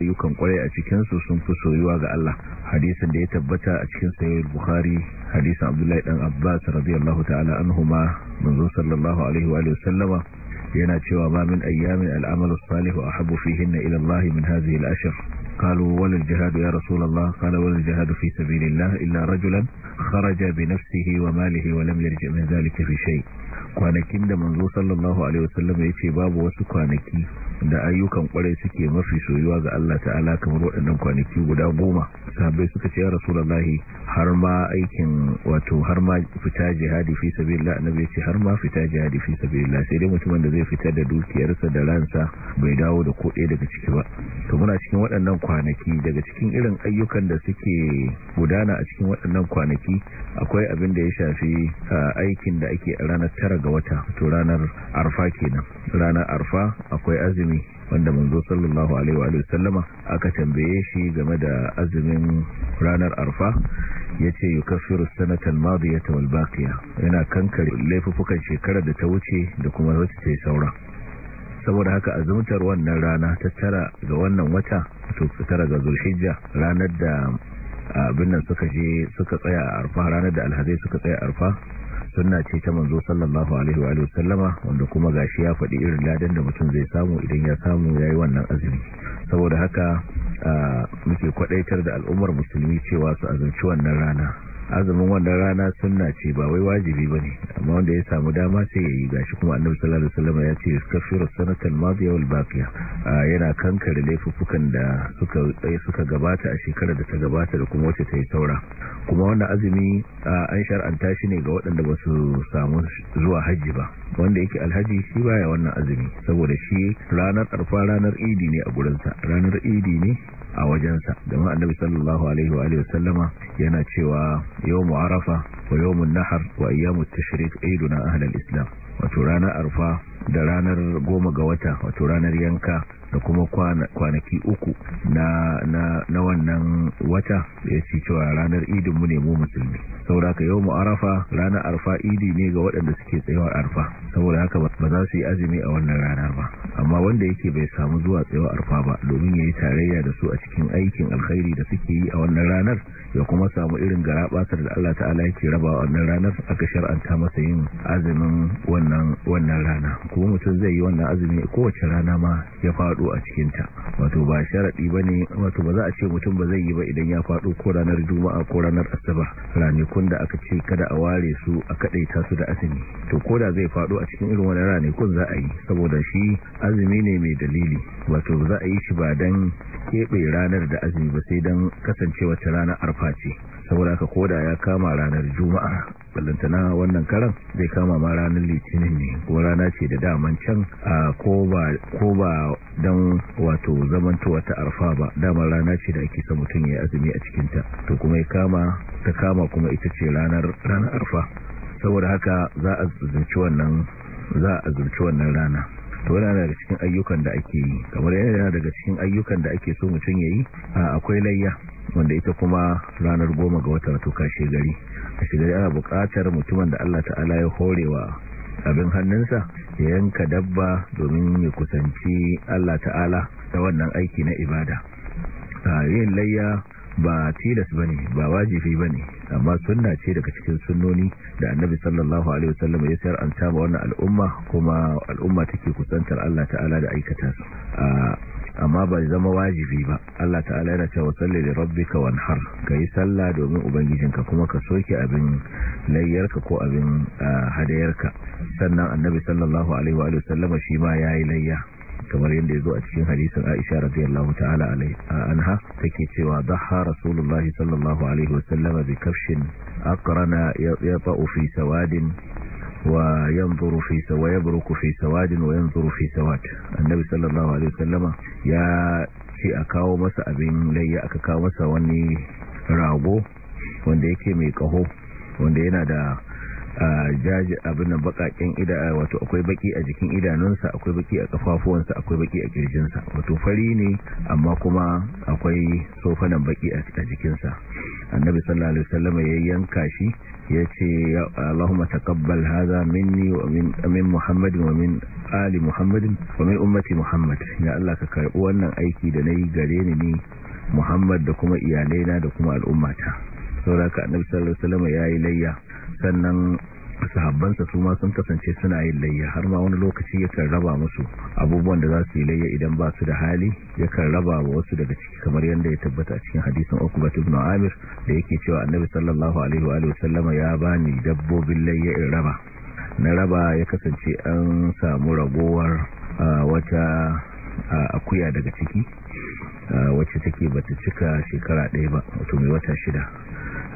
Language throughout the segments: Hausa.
ayyukan kwarai a cikinsu sun fi soyuwa ga Allah hadisin da ya tabbata a cikin sahih bukhari hadisin abdullahi dan abbas radiyallahu ta'ala anhuma manzo sallallahu alaihi wa sallama yana cewa ba min ayyamin al'amalu salih wa ahabbu fihinna ila Allah min hadhihi al-ashr qalu wal jihad ya rasul Allah qala wal fi sabilillah illa rajulan kharaja bi nafsihi wa malihi wa lam yarji min fi kwanakin da manzo sallallahu alaihi wasallam ya ce babu wasu kwanaki da ayyukan kwarai suke mafi soyuwa ga Allah ta'ala kamar waɗannan kwanaki guda goma sahabbai suka ce ya rasulullahi har ma aikin wato har ma fita jihadi fi sabilillah annabi ce har ma fita jihadi fi sabilillah sai dai mutumin da zai fita da dukiyarsa da ransa bai dawo da ɗaya daga ciki ba to muna cikin waɗannan kwanaki daga cikin irin ayyukan da suke gudana a cikin waɗannan kwanaki akwai abin da ya shafi ah, aikin da ake a ranar tara ga wata to ranar arfa kenan ranar arfa akwai azumi wanda manzo sallallahu alaihi wa sallama aka tambaye shi game da azumin ranar arfa yace yukaffiru sanatan madiyata wal baqiya yana kankare laifukan shekarar da ta wuce da kuma wacce ta saura saboda haka azumtar wannan rana ta tara ga wannan wata to tara ga zulhijja ranar da abin nan suka je suka tsaya a arfa ranar da alhazai suka tsaya arfa sunna ce ta manzo sallallahu alaihi wa sallama wanda kuma gashi ya faɗi irin ladan da mutum zai samu idan ya samu yayi wannan azumi saboda haka muke kwadaitar da al'ummar musulmi cewa su azumci wannan rana azumin wanda rana suna ce ba wai wajibi ba ne amma wanda ya samu dama sai ya yi shi kuma annabi sallallahu alaihi wasallam ya ce yaskafiru sanatal madiya wal baqiya yana kankare laifukan da suka eh, suka gabata a shekarar da ta gabata da kuma wace ta yi saura kuma wannan azumi an shar'anta shi ne ga waɗanda ba su samu zuwa hajji ba wanda yake alhaji shi baya wannan azumi saboda shi ranar arfa ranar idi ne a gurinsa ranar idi ne a wajensa domin annabi sallallahu alaihi wa alihi wasallama yana cewa yawmu arafa wa yawmun nahar wa ayyamu tashrik aiduna ahlul islam wato ranar arfa da ranar goma ga wata wato ranar yanka da kuma kwanaki uku na wannan wata da ya ci cewa ranar idin mu ne mu musulmi saboda haka yau mu arafa ranar arfa idi ne ga waɗanda suke tsayawar arfa saboda haka ba za su yi azumi a wannan ranar ba amma wanda yake bai samu zuwa tsayawar arfa ba domin ya yi tarayya da su a cikin aikin alkhairi da suke yi a wannan ranar ya kuma samu irin garabatar da Allah ta'ala yake raba wannan ranar a aka shar'anta masa yin azumin wannan wannan rana kuma mutum zai yi wannan azumi kowace rana ma ya faɗo fado a cikinta wato ba sharadi bane wato ba za a ce mutum ba zai yi ba idan ya faɗo ko ranar juma'a ko ranar asaba ranakun da aka ce kada a ware su a kaɗaita su da azumi to ko da zai faɗo a cikin irin wannan ranakun za a yi saboda shi azumi ne mai dalili wato za a yi shi ba dan keɓe ranar da azumi ba sai dan kasancewa ta ranar arfa ce saboda haka koda ya kama ranar juma'a ballantana wannan karan zai kama ma ranar litinin ne ko rana ce da daman can a ko ba don wato zamantowa ta arfa ba damar rana ce da ake mutum ya azumi a cikinta to kuma ya kama ta kama kuma ita ce ranar ranar arfa saboda haka za a zurci wannan za a zurci wannan rana to yana daga cikin ayyukan da ake yi kamar yana daga cikin ayyukan da ake so mutum ya yi akwai layya wanda ita kuma ranar goma ga watan to kashe gari a shigari ana bukatar mutumin da Allah ta'ala ya horewa abin hannunsa ya yanka dabba domin ya kusanci Allah ta'ala da wannan aiki na ibada a yin layya ba tilas ba ne ba ba ne amma sunna ce daga cikin sunoni da annabi sallallahu alaihi wasallam ya sayar an taba wannan al'umma kuma al'umma take kusantar Allah ta'ala da aikata su amma bai zama wajibi ba Allah ta'ala yana cewa salli li rabbika wanhar kai sallah domin ubangijinka kuma ka soke abin layyarka ko abin hadayarka sannan annabi sallallahu alaihi wa sallama shi ma yayi layya kamar yadda ya zo a cikin hadisin Aisha radiyallahu ta'ala anha take cewa dhaha rasulullah sallallahu alaihi wa sallama bi kafshin aqrana yata'u fi sawadin Wayan yanzuru fi sawa yabruku fi sawadin wa yanzuru fi sawad annabi sallallahu alaihi wasallama ya ce a kawo masa abin layya aka kawo masa wani rago wanda yake mai kaho wanda yana da jaji abin bakaken ida wato akwai baki a jikin idanunsa akwai baki a kafafuwansa akwai baki a kirjinsa wato fari ne amma kuma akwai sofanan baki a jikinsa annabi sallallahu alaihi wasallam ya yanka shi ya ce Allahumma taqabbal hadha minni wa min Muhammadin wa min ali Muhammadin wa min ummati Muhammad ya Allah ka karbi wannan aiki da nayi gare ni ni Muhammad da kuma iyalaina da kuma al'ummata sauraka annabi sallallahu alaihi wasallam yayi layya sannan sahabbansa su ma sun kasance suna yin layya har ma wani lokaci yakan raba musu abubuwan da za su yi layya idan ba su da hali yakan raba wa wasu daga ciki kamar yadda ya tabbata a cikin hadisin Uqbah ibn Amir da yake cewa Annabi sallallahu alaihi wa alihi wasallam ya bani dabbobin layya in raba na raba ya kasance an samu ragowar ah, wata akuya daga ciki wacce take bata cika shekara ɗaya ba wato mai wata shida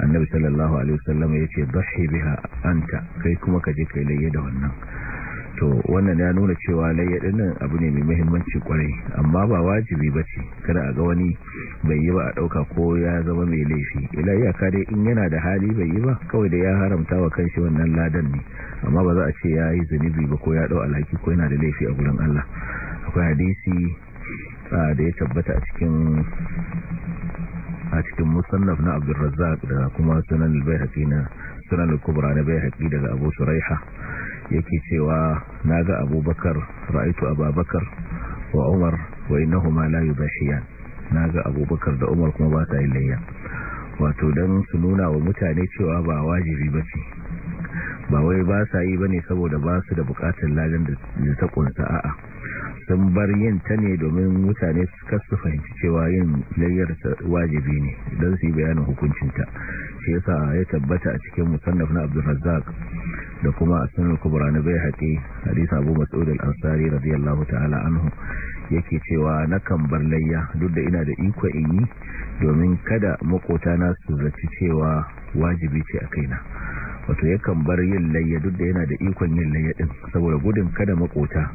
annabi sallallahu alaihi wasallam ya ce bashi biha anta kai kuma ka je kai layya da wannan to wannan ya nuna cewa layya nan abu ne mai muhimmanci kwarai amma ba wajibi ba ce kada a ga wani bai yi ba a ɗauka ko ya zama mai laifi ila iyaka dai in yana da hali bai yi ba kawai da ya haramta wa kanshi wannan ladan ne amma ba za a ce ya yi zunubi ba ko ya dau alhaki ko yana da laifi a gurin Allah akwai hadisi ah, da ya tabbata a cikin a musannaf na abdurrazzak da kuma sunan al na sunan al-kubra na daga abu suraiha yake cewa na naga abubakar ra'aitu ababakar wa umar wai wa innahuma la na naga abubakar da umar kuma ba ta yi layya wato dan su nuna wa mutane cewa ba wajibi ba ce ba wai ba sa yi ba ne saboda ba su da bukatun ladan da ta kunsa a'a sun bar yin ta ne domin mutane su fahimci cewa yin layyar wajibi ne don su yi bayanin hukuncinta shi yasa ya tabbata a cikin musannaf na abdulrazzaq da kuma a sunan kubra na bai haƙe hadisa abu mas'ud al-ansari radiyallahu ta'ala anhu yake cewa na kan bar layya duk da ina da iko in yi domin kada makota na su zaci cewa wajibi ce a kaina wato ya kan bar yin layya duk da yana da ikon yin layya din saboda gudun kada makota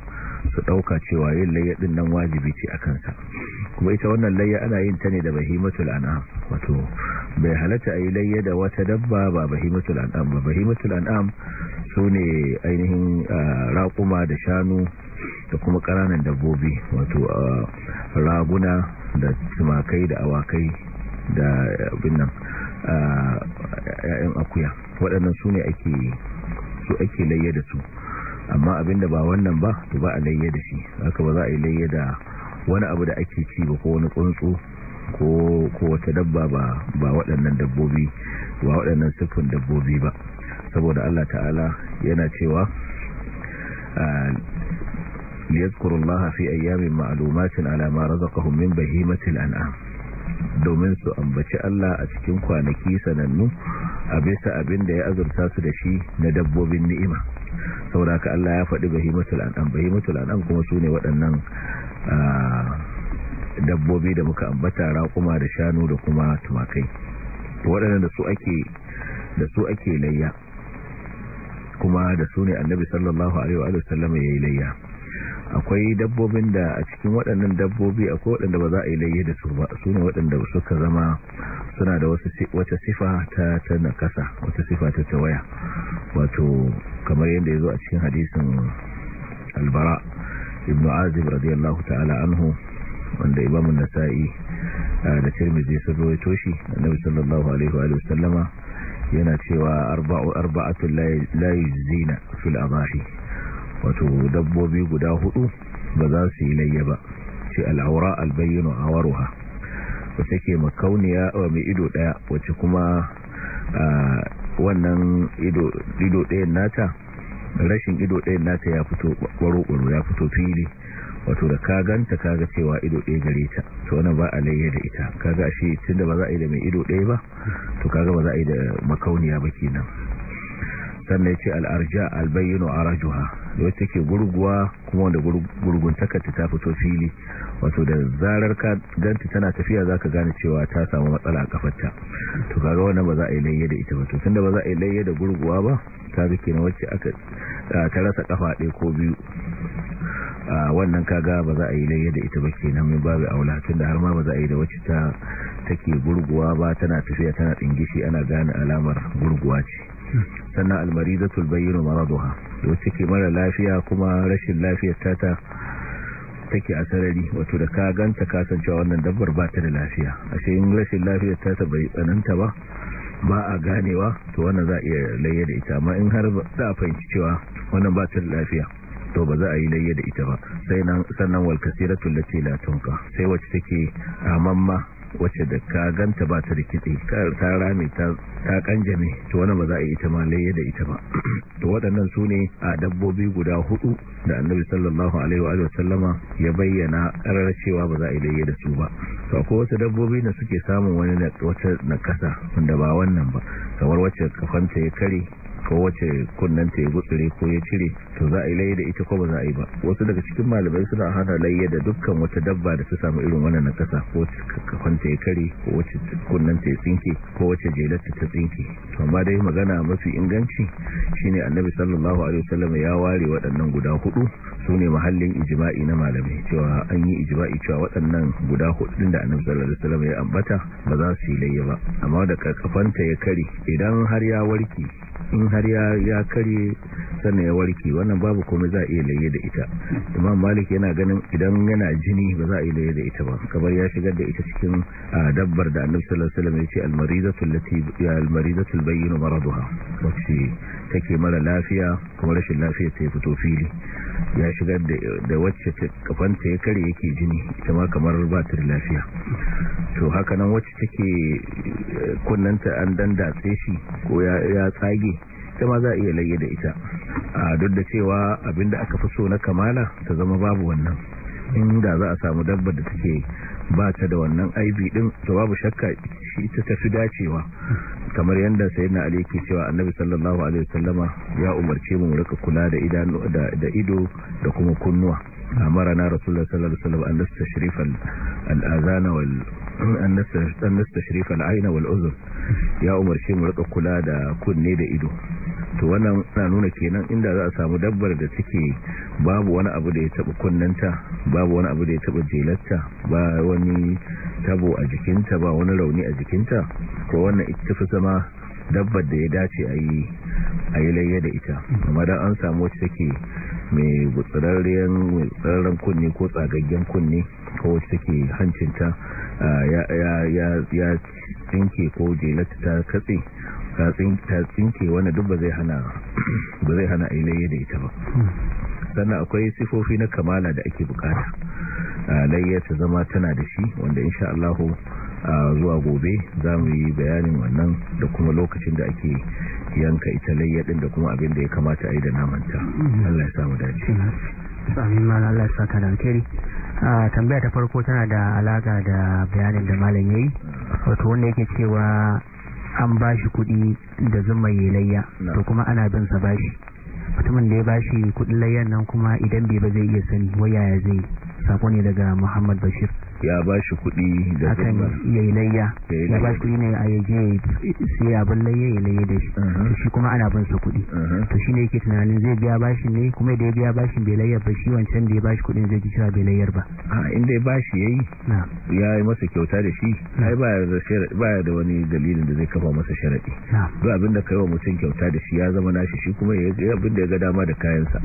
su dauka cewa yin layya din nan wajibi ce a kansa kuma ita wannan layya ana yin ta ne da bahimatul an'am wato bai halatta ayi layya da wata dabba ba bahimatul an'am ba bahimatul an'am sune ainihin raƙuma da shanu da kuma ƙananan dabbobi wato raguna da tumakai da awakai da abin nan ‘ya'yan akuya waɗannan su ne ake su ake layya da su amma abinda ba wannan ba to ba a layya da shi haka ba za a yi layya da wani abu da ake ci ba ko wani tsuntsu ko wata dabba ba ba waɗannan dabbobi ba waɗannan dabbobi ba saboda Allah ta'ala yana cewa ah, liyazkurullaha fi ayyamin ma'lumatin ala ma razaqahum min bahimatil an'am domin su ambaci Allah a cikin kwanaki sanannu a bisa abin da ya azurta su da shi na dabbobin ni'ima ka Allah ya faɗi bahimatul an'am bahimatul an'am kuma su ne waɗannan dabbobi da muka ambata raƙuma da shanu da kuma tumakai waɗannan da su ake da su ake layya kuma da su ne annabi sallallahu alaihi wa sallam yayi layya akwai dabbobin da a cikin waɗannan dabbobi akwai waɗanda ba za a yi laye da su ba su ne waɗanda suka zama suna da wata sifa ta ta nakasa wata sifa ta tawaya wato kamar yadda ya zo a cikin hadisin albara ibn azib radiyallahu ta'ala anhu wanda imamun nasa'i eh, da tirmidhi sun rawaito shi annabi sallallahu alaihi wa sallama yana cewa arba'atu arba'atul la yuzina fil abahi wato dabbobi guda hudu ba za su yi layya ba ce al'aura a awaruha wata ke makauniya wa mai ido daya wacce kuma wannan ido dayan nata rashin ido dayan nata ya fito kwaro-kwaro ya fito fili wato da kaganta kaga cewa ido ɗaya gare ta to wannan ba a layya da ita kaga ashe tunda ba za a yi da mai ido ɗaya ba to kaga ba za a yi da makauniya ba kenan sannan ya ce al'arja a arajuha da wacce ke gurguwa kuma wanda gurgun takarta ta fito fili wato da zarar ka ganta tana tafiya zaka gane cewa ta samu matsala a kafarta to kaga wannan ba za a yi layya da ita ba to tunda ba za a yi layya da gurguwa ba ta zake na wacce aka ta rasa kafa ɗaya ko biyu a wannan kaga ba za a yi layya da ita ba kenan min babu aula tunda har ma ba za a yi da wacce ta take gurguwa ba tana tafiya tana dingishi ana gane alamar gurguwa ce sannan almaridatul bayyinu da wacce ke mara lafiya kuma rashin lafiyar tata take a sarari wato da ka ganta kasancewa wannan dabbar ba ta da lafiya ashe in rashin lafiyar tata bai tsananta ba ba a ganewa to wannan za a iya layya da ita amma in har za a fahimci cewa wannan ba ta da lafiya to ba za a yi layya da ita ba sai nan sannan wal lati la sai wacce take amamma wacce da ka ganta ba ta rikici ta rame ta kanjame to wani ba za a yi ita ma laye da ita ba to waɗannan su ne a dabbobi guda hudu da annabi sallallahu alaihi wa sallama ya bayyana karar cewa ba za a yi laye da su ba to ko wasu dabbobi da suke samun wani wata nakasa wanda ba wannan ba kamar wacce kafanta ya kare ko wace kunnan ta ya gutsure ko ya cire to za a yi da ita ko ba za a yi ba wasu daga cikin malamai suna hana layya da dukkan wata dabba da ta samu irin wannan na kasa ko kafan ta ya kare ko wace kunnan ta ya tsinke ko wace jelar ta tsinke amma dai magana mafi inganci shine annabi sallallahu alaihi wasallam ya ware waɗannan guda hudu su ne mahallin ijma'i na malamai cewa an yi ijma'i cewa waɗannan guda hudu da annabi sallallahu alaihi wasallam ya ambata ba za su yi laye ba amma da kafanta ya kare idan har ya warke in har ya karye sannan ya warke wannan babu komai za a iya laye da ita imam malik yana ganin idan yana jini ba za a iya laye da ita ba kamar ya shigar da ita cikin dabbar da annabi sallallahu alaihi ya ce almaridatu allati almaridatu albayyin maraduha wacce take mara lafiya kuma rashin lafiya ta fito fili ya shigar da wacce kafanta ya kare yake jini ita ma kamar ba lafiya to haka nan wacce take eh, kunnanta an dandatse shi ko ya tsage ita ma za a iya laye da ita a duk da cewa abinda aka fi so na kamala ta zama babu wannan inda za a samu dabbar da take ba ta da wannan aibi din to babu shakka shi ta tafi dacewa kamar yadda sayyidina ali ke cewa annabi sallallahu alaihi wasallama ya umarce mu rika kula da idanu da ido da kuma kunnuwa amarana rasulullah sallallahu alaihi wasallam annas tashrifan al-azana wal annas nastashrif al-aina wal uzun ya umarce mu rika kula da kunne da ido to wannan na nuna kenan inda za a samu dabbar da take babu wani abu da ya taba kunnanta babu wani abu da ya taba jelarta ba wani tabo a jikinta ba wani rauni a jikinta ko wannan ita fi zama dabbar da ya dace a yi a yi layya da ita amma da an samu wacce take mai gutsararren kunne ko tsagaggen kunne ko wacce take hancinta ah, ya tsinke ko jelata ta katse ta tsinke wani duk ba zai hana a da ita ba sannan akwai sifofi na kamala da ake bukata layya ta zama tana da shi wanda insha Allahu zuwa gobe za mu yi bayanin wannan da kuma lokacin da ake yanka ita layya din da kuma abin da ya kamata a yi da namanta Allah ya samu dace amin ma Allah ya saka da tambaya ta farko tana da alaka da bayanin da malam yayi wato wanda yake cewa an ba shi kuɗi da zuma yi layya to kuma ana bin sa bashi mutumin da ya ba shi kuɗin layyan nan kuma idan bai ba zai iya sani waya ya zai sako ne daga Muhammad Bashir ya ba shi kuɗi da hakan ya yi layya ya ba shi kuɗi ne a yaje sai abin layya ya layya da shi to uh-huh. shi kuma ana bin sa kuɗi uh-huh. to shi ne yake tunanin zai biya bashi ne kuma da ya biya bashin bai layyar ba shi wancan da ya bashi kudin zai ji cewa bai layyar ba a ah, inda ya bashi yayi ya yi masa kyauta da shi ai ba ya ba da wani dalilin da zai kafa masa sharadi duk abin da kaiwa mutum kyauta da shi ya zama nashi shi kuma ya ga abin da ya ga dama da kayansa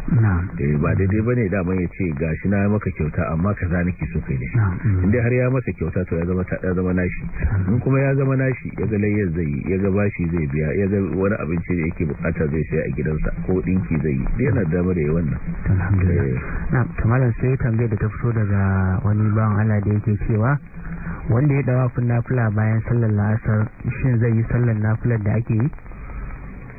eh, ba daidai bane daman ya ce gashi na maka kyauta amma kaza nake so kai ne inda har ya masa kyauta to ya zama ta zama nashi in kuma ya zama nashi ya ga layyar zai yi ya ga bashi zai biya ya ga wani abinci da yake bukata zai saya a gidansa ko dinki zai yi da yana damar yayi wannan alhamdulillah eh. na tamalan sai tambayar da ta fito daga wani bawan Allah da yake cewa wanda ya dawa fun nafila bayan sallar la'asar shin zai yi sallar nafilar da ake yi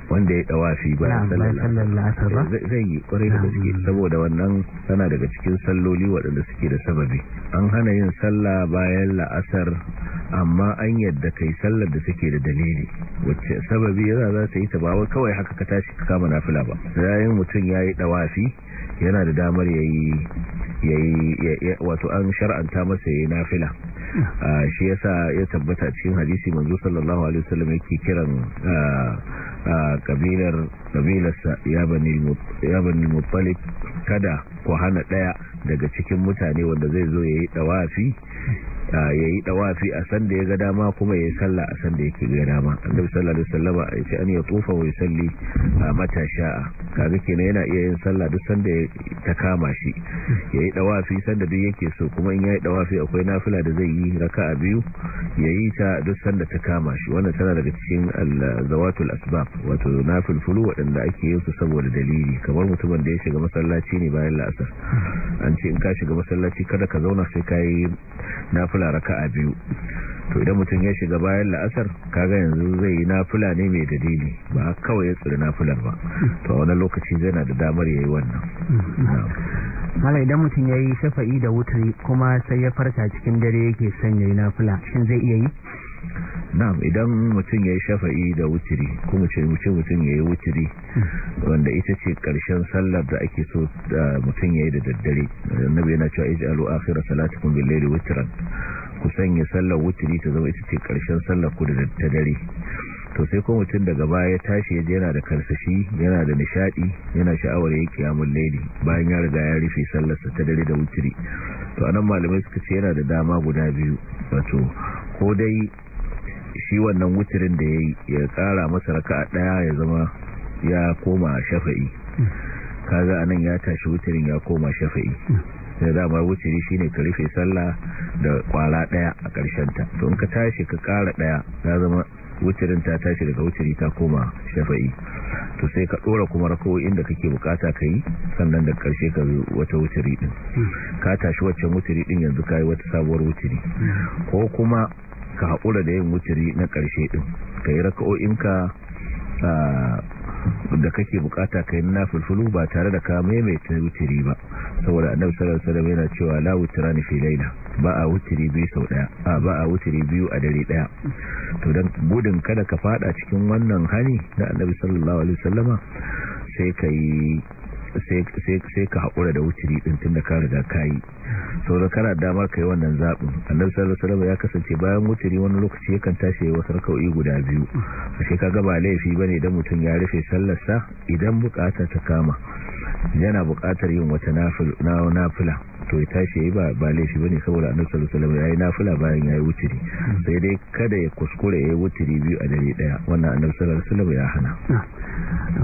wanda ya dawafi bayan ba zai yi kwarai da suke saboda wannan sana daga cikin salloli waɗanda suke da sababi an hana yin salla bayan la'asar amma an yadda kai sallar da suke da dalili wacce sababi yana za ta yi ta ba kawai haka ka tashi ka kama fila ba yayin mutum ya yi fi yana da damar yayi yayi wato an shar'anta masa yayi nafila hmm. ah, shi yasa ya tabbata cikin hadisi manzo sallallahu alaihi wasallam yake kiran ah, ah, kabilar kabilarsa ya bani ya bani kada ku hana daya daga cikin mutane wanda zai zo yayi dawafi yayi dawafi a san da ya ga dama kuma yayi sallah a san da yake ga dama annabi sallallahu alaihi wasallam ya ce an ya tufa wa yusalli mata sha'a kaga kenan yana iya yin sallah duk sanda ta kama shi yayi dawafi sanda duk yake so kuma in ya yi dawafi akwai nafila da zai yi raka'a biyu yayi ta duk sanda ta kama shi wannan tana daga cikin zawatul asbab wato nafil fulu wadanda ake yin su saboda dalili kamar mutumin da ya shiga masallaci ne bayan la'asar an ce in ka shiga masallaci kada ka zauna sai yi nafila raka'a biyu to idan mutum ya shiga bayan la'asar kaga yanzu zai yi nafula ne mai dalili ba kawai ya tsiri nafular ba to a wani lokaci zai na da damar ya yi wannan mala idan mutum ya yi shafa'i da wutari kuma sai ya farka cikin dare yake son ya yi nafula shin zai iya yi na'am idan mutum ya yi shafa'i da wuturi ce mutum mutum ya yi wuturi wanda ita ce ƙarshen sallar da ake so eh, mutum ya yi da daddare annabi yana cewa ij'alu akhira salatikum bil-layli witran ku sanya sallar wuturi ta zama ita ce karshen sallar ku da ta dare to sai ko mutum daga baya ya tashi ya yana da karsashi yana da nishadi yana sha'awar ya kiyamun laili bayan ya riga ya rufe sallarsa ta dare da wuturi to anan malamai suka ce yana da dama guda biyu wato ko dai shi wannan wuturin da yayi ya kara masa raka'a daya ya zama ya koma shafa'i kaga anan ya tashi wuturin ya koma shafa'i da dama shi shine ka rufe sallah da kwara daya a karshen ta to in ka tashi ka kara daya ya zama wucirin ta tashi daga wuciri ta koma shafa'i to sai ka dora kuma rakawoyin inda kake bukata ka yi sannan da karshe ka zo wata wuciri din ka tashi waccan wuciri din yanzu ka yi wata sabuwar wuciri ko kuma ka haƙura da yin wuciri na karshe din ka yi raka'o'inka ah, da kake bukata kai na fulfulu ba tare da ka maimaita wutiri ba saboda annabi sallallahu alaihi yana cewa la ni fi laila ba a wutiri biyu sau daya a ba a wutiri biyu a dare daya to dan gudun kada ka fada cikin wannan hani na annabi sallallahu alaihi wasallama sai kai sai ka haƙura da wuturi ɗin tun da ka riga ka yi sau da kana damar ka yi wannan zaɓin annabi sallallahu ya kasance bayan wuciri wani lokaci ya kan tashi wasu raka'o'i guda biyu ashe ka gaba laifi ne idan mutum ya rufe sallarsa idan bukatar ta kama yana bukatar yin wata nafila to ya tashi yayi ba ba laifi ne saboda annabi sallallahu alaihi wasallam yi nafila bayan ya yi wuturi sai dai kada ya kuskure ya yi wuturi biyu a dare daya wannan annabi sallallahu alaihi wasallam ya hana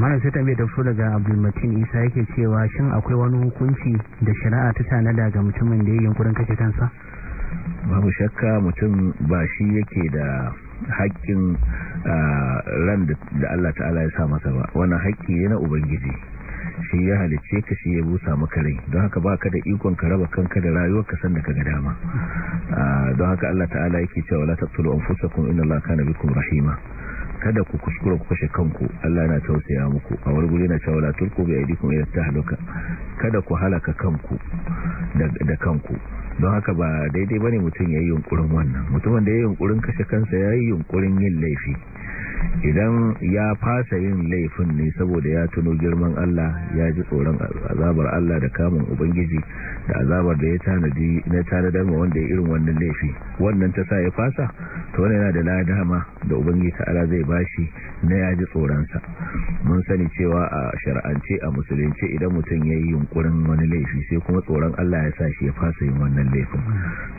malam sai tambaye da fito daga Abdul Matin Isa yake cewa shin akwai wani hukunci da shari'a ta tana da ga mutumin da ya yunkurin kashe kansa babu shakka mutum ba shi yake da hakkin ah, ran da Allah ta'ala ya sa masa ba wannan hakki ne na ubangiji shi ya halice ka shi ya busa maka rai don haka ba ka da ikon ka raba kanka da rayuwar ka san da ga dama ah, don haka Allah ta'ala yake cewa la taqtulu anfusakum inna Allaha kana bikum rahima kada ku kuskura ku kashe kanku Allah na tausaya muku a wani guri na cewa la tulqu bi aydikum ila tahluka kada ku halaka kanku da kanku don haka ba daidai ba bane mutum ya yi yunkurin wannan mutumin da ya yi yunkurin kashe kansa ya yi yunkurin yin laifi idan ya fasa yin laifin ne saboda ya tuno girman Allah ya ji tsoron azabar Allah da kamun ubangiji da azabar da ya tanadi na tanadar ma wanda ya irin wannan laifi wannan ta sa ya fasa to wani yana da ladama da ubangiji ta ala zai bashi na ya ji tsoronsa mun sani cewa a shari'ance a musulunci idan mutum ya yi yunkurin wani laifi sai kuma tsoron Allah ya sa shi ya fasa yin wannan wannan laifin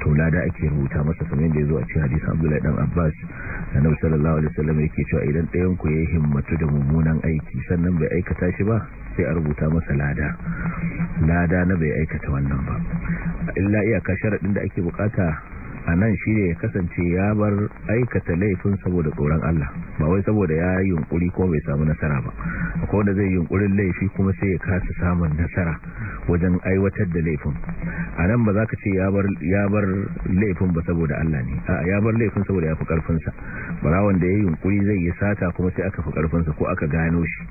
to lada ake rubuta masa kamar yadda yazo a cikin hadisi Abdullahi dan Abbas annabi sallallahu alaihi wasallam yake cewa idan ɗayan ku yayi himmatu da mummunan aiki sannan bai aikata shi ba sai a rubuta masa lada lada na bai aikata wannan ba illa iyaka sharadin da ake bukata a nan shi ne ya kasance ya bar aikata laifin saboda tsoron Allah ba wai saboda ya yi yunkuri ko bai samu nasara ba ko da zai yunkurin laifi kuma sai ya kasa samun nasara wajen aiwatar da laifin a nan ba za ka ce ya bar laifin ba saboda Allah ne a ya bar laifin saboda ya fi karfinsa bara wanda ya yi yunkuri zai yi sata kuma sai aka fi ƙarfinsa ko aka gano shi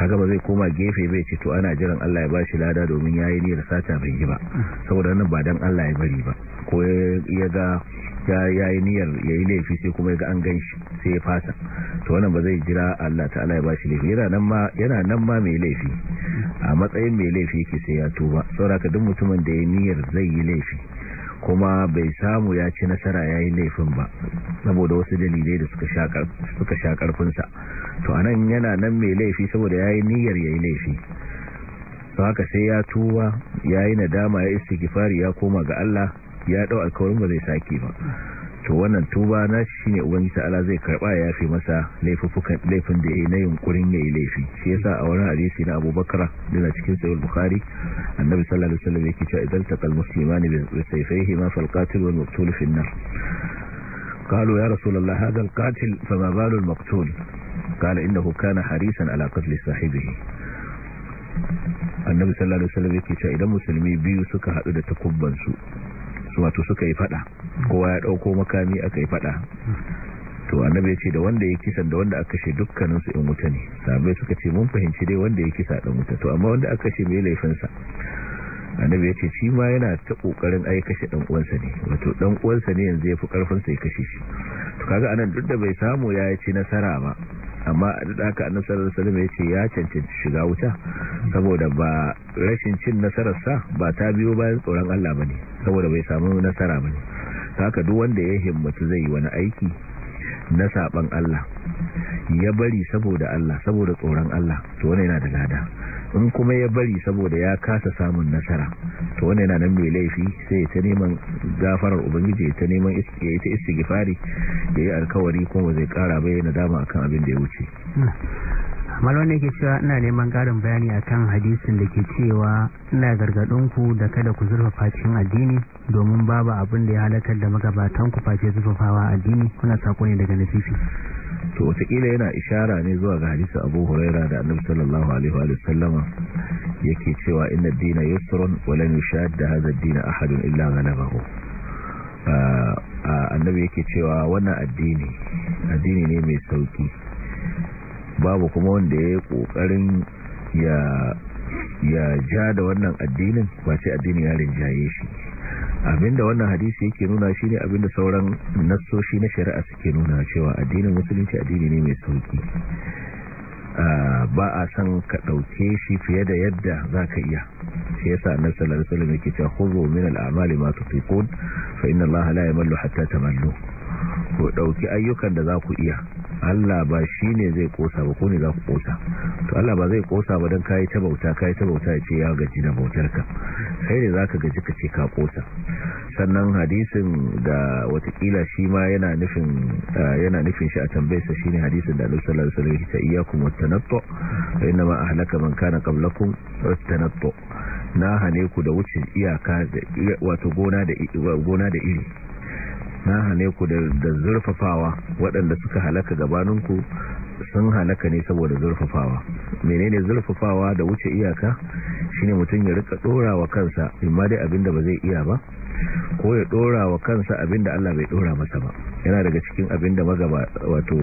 kaga ba zai koma gefe bai ce to ana jiran Allah ya ba shi lada domin yi ne da sata bai yi ba saboda nan ba dan Allah ya bari ba ko ya ga ya yi niyyar ya yi laifi sai kuma ya ga an gan shi sai ya fasa to wannan ba zai jira Allah ta'ala ya bashi laifi yana nan ma mai laifi a matsayin mai laifi yake sai ya tuba sauraka duk mutumin da ya niyyar zai yi laifi kuma bai samu ya ci nasara ya yi laifin ba saboda wasu dalilai da suka sha karfinsa to anan yana nan mai laifi saboda ya yi niyyar ya yi laifi to haka sai ya tuwa ya yi nadama ya istighfari ya koma ga Allah ya dau alkawarin ba zai sake ba to wannan tuba na shi shine ubangi ta'ala zai karba ya yafe masa laifukan laifin da yayi na yunkurin yayi laifi shi yasa a wurin hadisi na Abubakar da cikin sahih Bukhari annabi sallallahu alaihi wasallam yake cewa idan taqal muslimani bi sayfihi ma fal qatil wal maqtul fi an-nar قالوا يا رسول الله هذا القاتل فما بال المقتول قال إنه كان حريصا على قتل صاحبه annabi sallallahu alaihi wasallam yake cewa idan musulmi biyu suka hadu da takubbansu wato suka yi fada kowa ya dauko makami aka yi fada to annabi ya ce da wanda ya kisa da wanda aka she dukkanin su in wuta ne sabai suka ce mun fahimci dai wanda ya kisa dan wuta to amma wanda aka she mai laifin sa annabi ya ce shi ma yana ta kokarin ai kashe dan uwansa ne wato dan uwansa ne yanzu yafi karfin sa ya kashe shi to kaga anan duk da bai samu ya ci nasara ba amma a duk a nasarar salima ya ce ya cancanci shiga wuta saboda ba rashin cin nasarar sa ba ta biyo bayan tsoron Allah ba ne saboda bai samu nasara ba bane haka duk wanda ya himmatu zai yi wani aiki na saban Allah ya bari saboda Allah saboda tsoron Allah to wannan yana da lada in kuma ya bari saboda ya kasa samun nasara to wannan yana nan mai laifi sai ya ta neman gafarar ubangiji ya ta neman ya yi istighfari ya yi alkawari kuma zai kara bayyana dama akan abin da ya wuce malon ne ke cewa ina neman karin bayani akan hadisin da ke cewa ina ku da kada ku zurfa facin addini domin babu abin da ya halakar da magabatan ku face zurfafawa addini kuna sako ne daga nasifi to wataƙila yana ishara ne zuwa ga hadisin abu huraira da annabi sallallahu alaihi wa sallama yake cewa inna dina yusrun wa lan hadha dina ahadun illa ghalabahu ah, ah, annabi yake cewa wannan addini addini ne mai sauki babu kuma wanda ya yi kokarin ya ja da wannan addinin ba ce addinin ya rinjaye shi abinda wannan hadisi yake nuna shi ne abinda sauran nassoshi na shari'a suke nuna cewa addinin musulunci addini ne mai sauki ba a san ka ɗauke shi fiye da yadda za ka iya shi yasa annan salari salam yake cewa huzo min al'amali masu tukun fa inna allaha la mallu hatta mallu ku ɗauki ayyukan da za ku iya Allah ba shi ne zai kosa ba ko ne za ku kosa to Allah ba zai kosa ba don kayi ta bauta kayi ta bauta ya ce ya gaji da ka sai ne za ka gaji ka ce ka kosa sannan hadisin da watakila shi ma yana nufin yana nufin shi a tambayarsa shi ne hadisin da alayhi sallallahu alaihi wasallam ta iyakum wattanattu fa inna ma ahlaka man kana qablakum wattanattu na hane ku da wuce iyaka wato gona da iri na hane ku da zurfafawa waɗanda suka halaka gabaninku sun halaka ne saboda zurfafawa menene zurfafawa da wuce iyaka shine mutum ya rika dora wa kansa imma dai abinda ba zai iya ba ko ya dora wa kansa abinda Allah bai dora masa ba yana daga cikin abinda magaba wato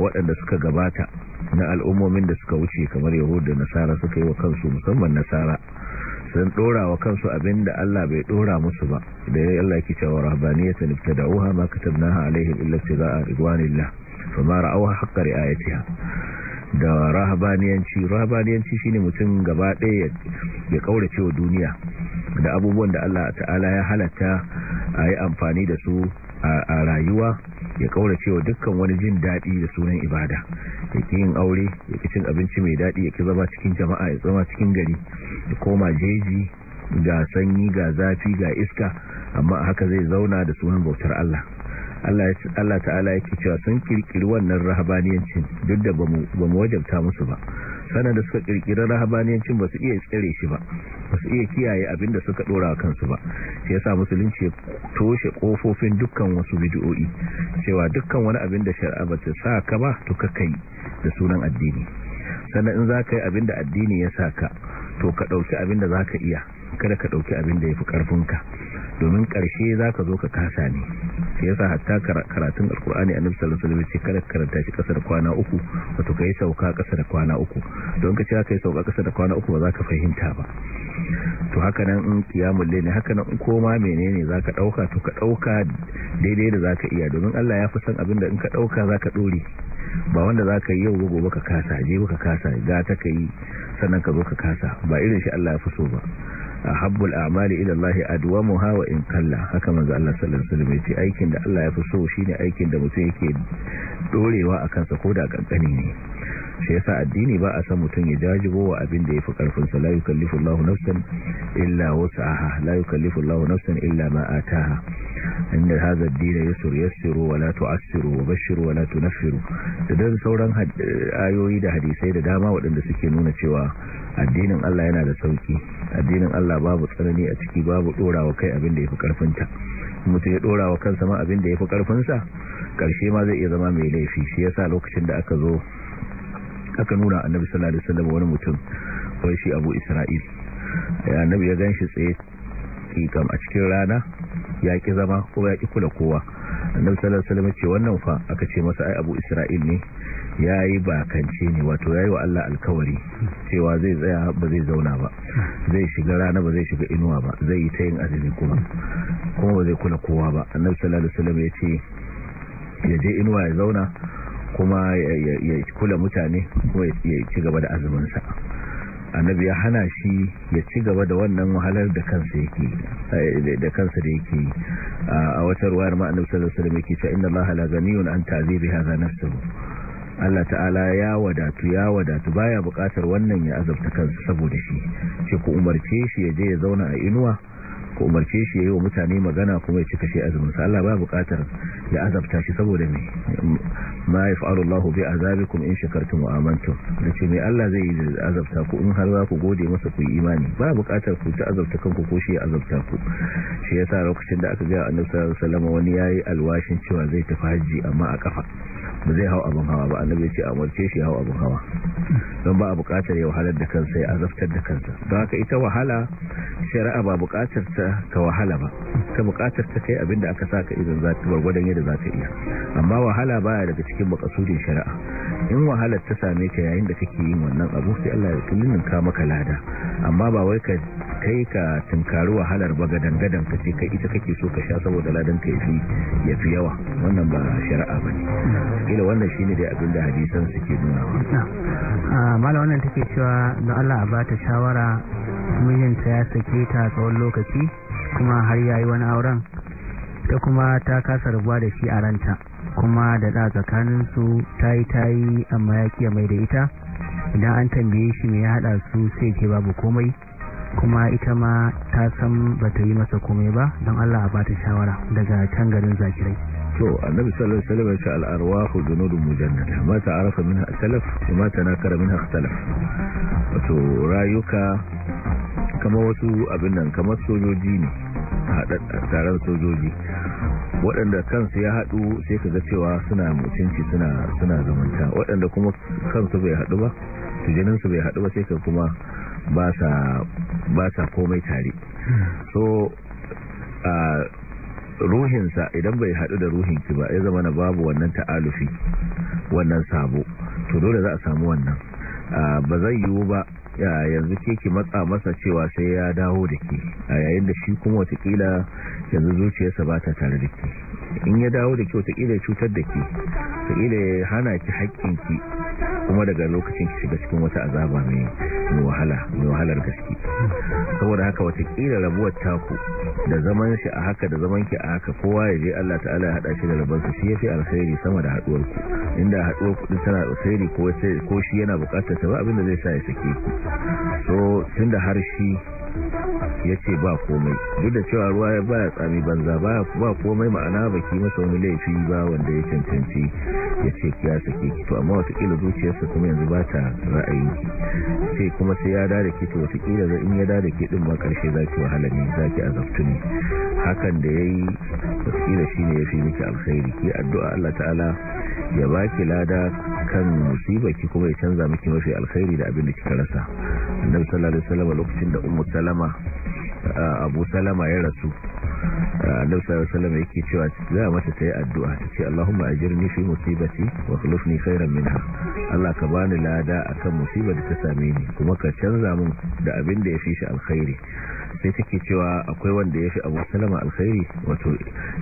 waɗanda suka gabata na al'ummomin da suka wuce kamar yahudu da nasara suka yi wa kansu musamman nasara sun dora wa kansu abin da Allah bai dora musu ba da ya Allah ki cewa ta da uha ma katabnaha alaihim illa a ridwanillah fama ra'awha haqqa ri'ayatiha da rahabaniyanci rahabaniyanci ne mutum gaba ɗaya ya ƙaurace wa duniya da abubuwan da Allah ta'ala ya halatta a yi amfani da su a rayuwa ya kaura cewa dukkan wani jin daɗi da sunan ibada ya ki yin aure ya ki cin abinci mai daɗi ya ki zama cikin jama'a ya zama cikin gari ya koma jeji ga sanyi ga zafi ga iska amma haka zai zauna da sunan bautar Allah Allah ta'ala ya yake cewa sun kirkiri wannan rahabaniyancin duk da ba mu wajabta musu ba da suka kirkiri rahabaniyancin ba su iya tsere shi ba ba su iya kiyaye abinda suka dora a kansu ba shi yasa musulunci toshe kofofin dukkan wasu bidiyoyi cewa dukkan wani abin da shari'a ba ta sa ka ba to ka kai da sunan addini sannan in za ka yi abin da addini ya sa ka to ka ɗauki abin da za ka iya kada ka ɗauki abin da ya fi ƙarfinka domin ƙarshe za ka zo ka kasa ne shi yasa hatta karatun alkur'ani annabi sallallahu alaihi wasallam kada karanta shi da kwana uku wato kai sauka da kwana uku don ka ce kai sauka da kwana uku ba za ka fahimta ba to haka nan in kiyamul layl haka nan in koma menene za ka ɗauka to ka ɗauka daidai da za ka iya domin Allah ya fi san abin da in ka ɗauka za ka dore ba wanda za ka yi yau gobe ka kasa je ka kasa ga ta kai sannan ka zo ka kasa ba irin shi Allah ya fi so ba ahabbul a'mali ila Allah adwamuha wa in kalla haka manzo Allah sallallahu alaihi wasallam yace aikin da Allah ya fi so shine aikin da mutum yake dorewa a kansa ko da kankani ne shi yasa addini ba a san mutum ya jajibo wa abin da yafi karfin sa la yukallifu Allah nafsan illa wus'aha la yukallifu Allah nafsan illa ma ataha inda hadha ad-din yusr yassiru wa la tu'assiru wa bashiru wa la da dan sauran ayoyi da hadisai da dama waɗanda suke nuna cewa addinin Allah yana da sauki addinin Allah babu tsanani a ciki babu dorawa kai abin da yafi karfinta mutum ya dorawa kansa ma abin da yafi karfinsa karshe ma zai iya zama mai laifi shi yasa lokacin da aka zo aka nuna annabi sallallahu alaihi wasallam wani mutum wai shi Abu Isra'il ya annabi ya ganshi tsaye kikam a cikin rana ya ki zama ko ya ki kula kowa annabi sallallahu alaihi wasallam ce wannan fa aka ce masa ai Abu Isra'il ne ya yi bakance ne wato ya yi wa Allah alkawari cewa zai tsaya ba zai zauna ba zai shiga rana ba zai shiga inuwa ba zai yi ta yin azumi kuma kuma ba zai kula kowa ba annabi sallallahu alaihi wasallam ya ce ya je inuwa ya zauna kuma ya kula mutane kuma ya ci gaba da azumin sa annabi ya hana shi ya ci gaba da wannan wahalar da kansa yake eh, da kansa da yake a wata ruwa ma annabi sallallahu alaihi wasallam yake cewa inna allaha la ghaniyun an ta'zibi hadha nafsuhu Allah ta'ala ya wadatu ya wadatu baya bukatar wannan ya azabta kansa saboda shi ce ku umarce shi ya je ya zauna a inuwa ku umarce shi ya yi wa mutane magana kuma ya cika shi azumin sa Allah ba bukatar ya azabta shi saboda me ma fa'alu Allah bi azabikum in shakartum wa amantum dace me Allah zai yi azabta ku in har za ku gode masa ku yi imani ba bukatar ku ta azabta kanku ko shi ya azabta ku shi yasa lokacin da aka ga Annabi sallallahu alaihi wasallam wani yayi alwashin cewa zai tafi haji amma a kafa ba zai hau abin hawa ba annabi ce a umarce shi hau abin hawa don ba a bukatar ya wahalar da kansa ya azabtar da kansa don haka ita wahala shari'a ba bukatar ta ka wahala ba ta bukatar ta kai abinda da aka saka idan zata bar gwargwadon yadda za ka iya amma wahala baya daga cikin makasudin shari'a in wahalar ta same ka yayin da kake yin wannan abu sai Allah ya kullun ka maka lada amma ba wai ka kai ka tunkari wahalar baga dangadan ka ce kai ita kake so ka sha saboda ladan ka yafi yafi yawa wannan ba shari'a ba ne kila wannan shine dai abin da hadisan suke nuna wa ah, mala wannan take cewa da Allah a bata shawara mijinta ya sake ta tsawon lokaci kuma har yayi wani auren ta kuma ta kasa rabuwa da shi a ranta kuma da da tsakaninsu ta yi ta yi amma ya kiya mai da ita idan an tambaye shi mai haɗa su sai ke babu komai kuma ita ma ta san ba ta yi masa komai ba don Allah ba ta shawara daga can garin zakirai to annabi sallallahu alaihi wasallam ya al-arwahu junudun mujannada ma min minha salaf wa ma tanakara minha salaf wato rayuka kama wasu abin nan kamar sojoji ne taron sojoji waɗanda kansu ya haɗu sai ka ga cewa suna mutunci suna suna zamanta waɗanda kuma kansu bai haɗu ba jininsu bai haɗu ba sai ka kuma ba sa komai tare so a ruhinsa idan bai haɗu da ruhinki ba ya zama na babu wannan ta'alufi wannan sabo to dole za a samu wannan ba zai yiwu ba yanzu ke ki matsa masa cewa sai ya dawo da ke a yayin da shi kuma watakila yanzu zuciyarsa ba ta tare da ke in ya dawo da ke watakila ya cutar da ke watakila ya hana ki haƙƙinki kuma daga lokacin ki shiga cikin wata azaba mai mai wahala mai wahalar gaske saboda haka wata kila rabuwar taku da zaman shi a haka da zaman ki a haka kowa ya je Allah ta'ala ya hada shi da rabansa shi fi alkhairi sama da haduwar ku inda haduwar ku tana alkhairi ko ko shi yana bukatar ta ba abin da zai sa ya sake ku so tunda har shi ya ce ba komai duk da cewa ruwa ya baya tsami banza ba komai ma'ana ba ki masa wani laifi ba wanda ya cancanci ya ce ya sake ki to amma watakila zuciyarsa kuma yanzu ba ta ra'ayi ce kuma sai ya da ke to watakila za in ya da ke din ma karshe za ki wahala ne za ki azabtu ne hakan da ya yi watakila shi ne ya fi miki alkhairi ki addu'a Allah ta'ala ya ba ki lada kan musibar ki kuma ya canza miki mafi alkhairi da abin da kika rasa annabi sallallahu alaihi wasallam lokacin da ummu salama uh, abu salama ya rasu uh, annabi sallallahu alaihi yake cewa za mata ta yi addu'a ta ce Allahumma ajirni fi musibati wa khlifni khairan minha Allah ka bani lada akan musibar da ta same ni kuma ka canza min da abin da yafi shi alkhairi sai take cewa akwai wanda yafi Abu Salama alkhairi wato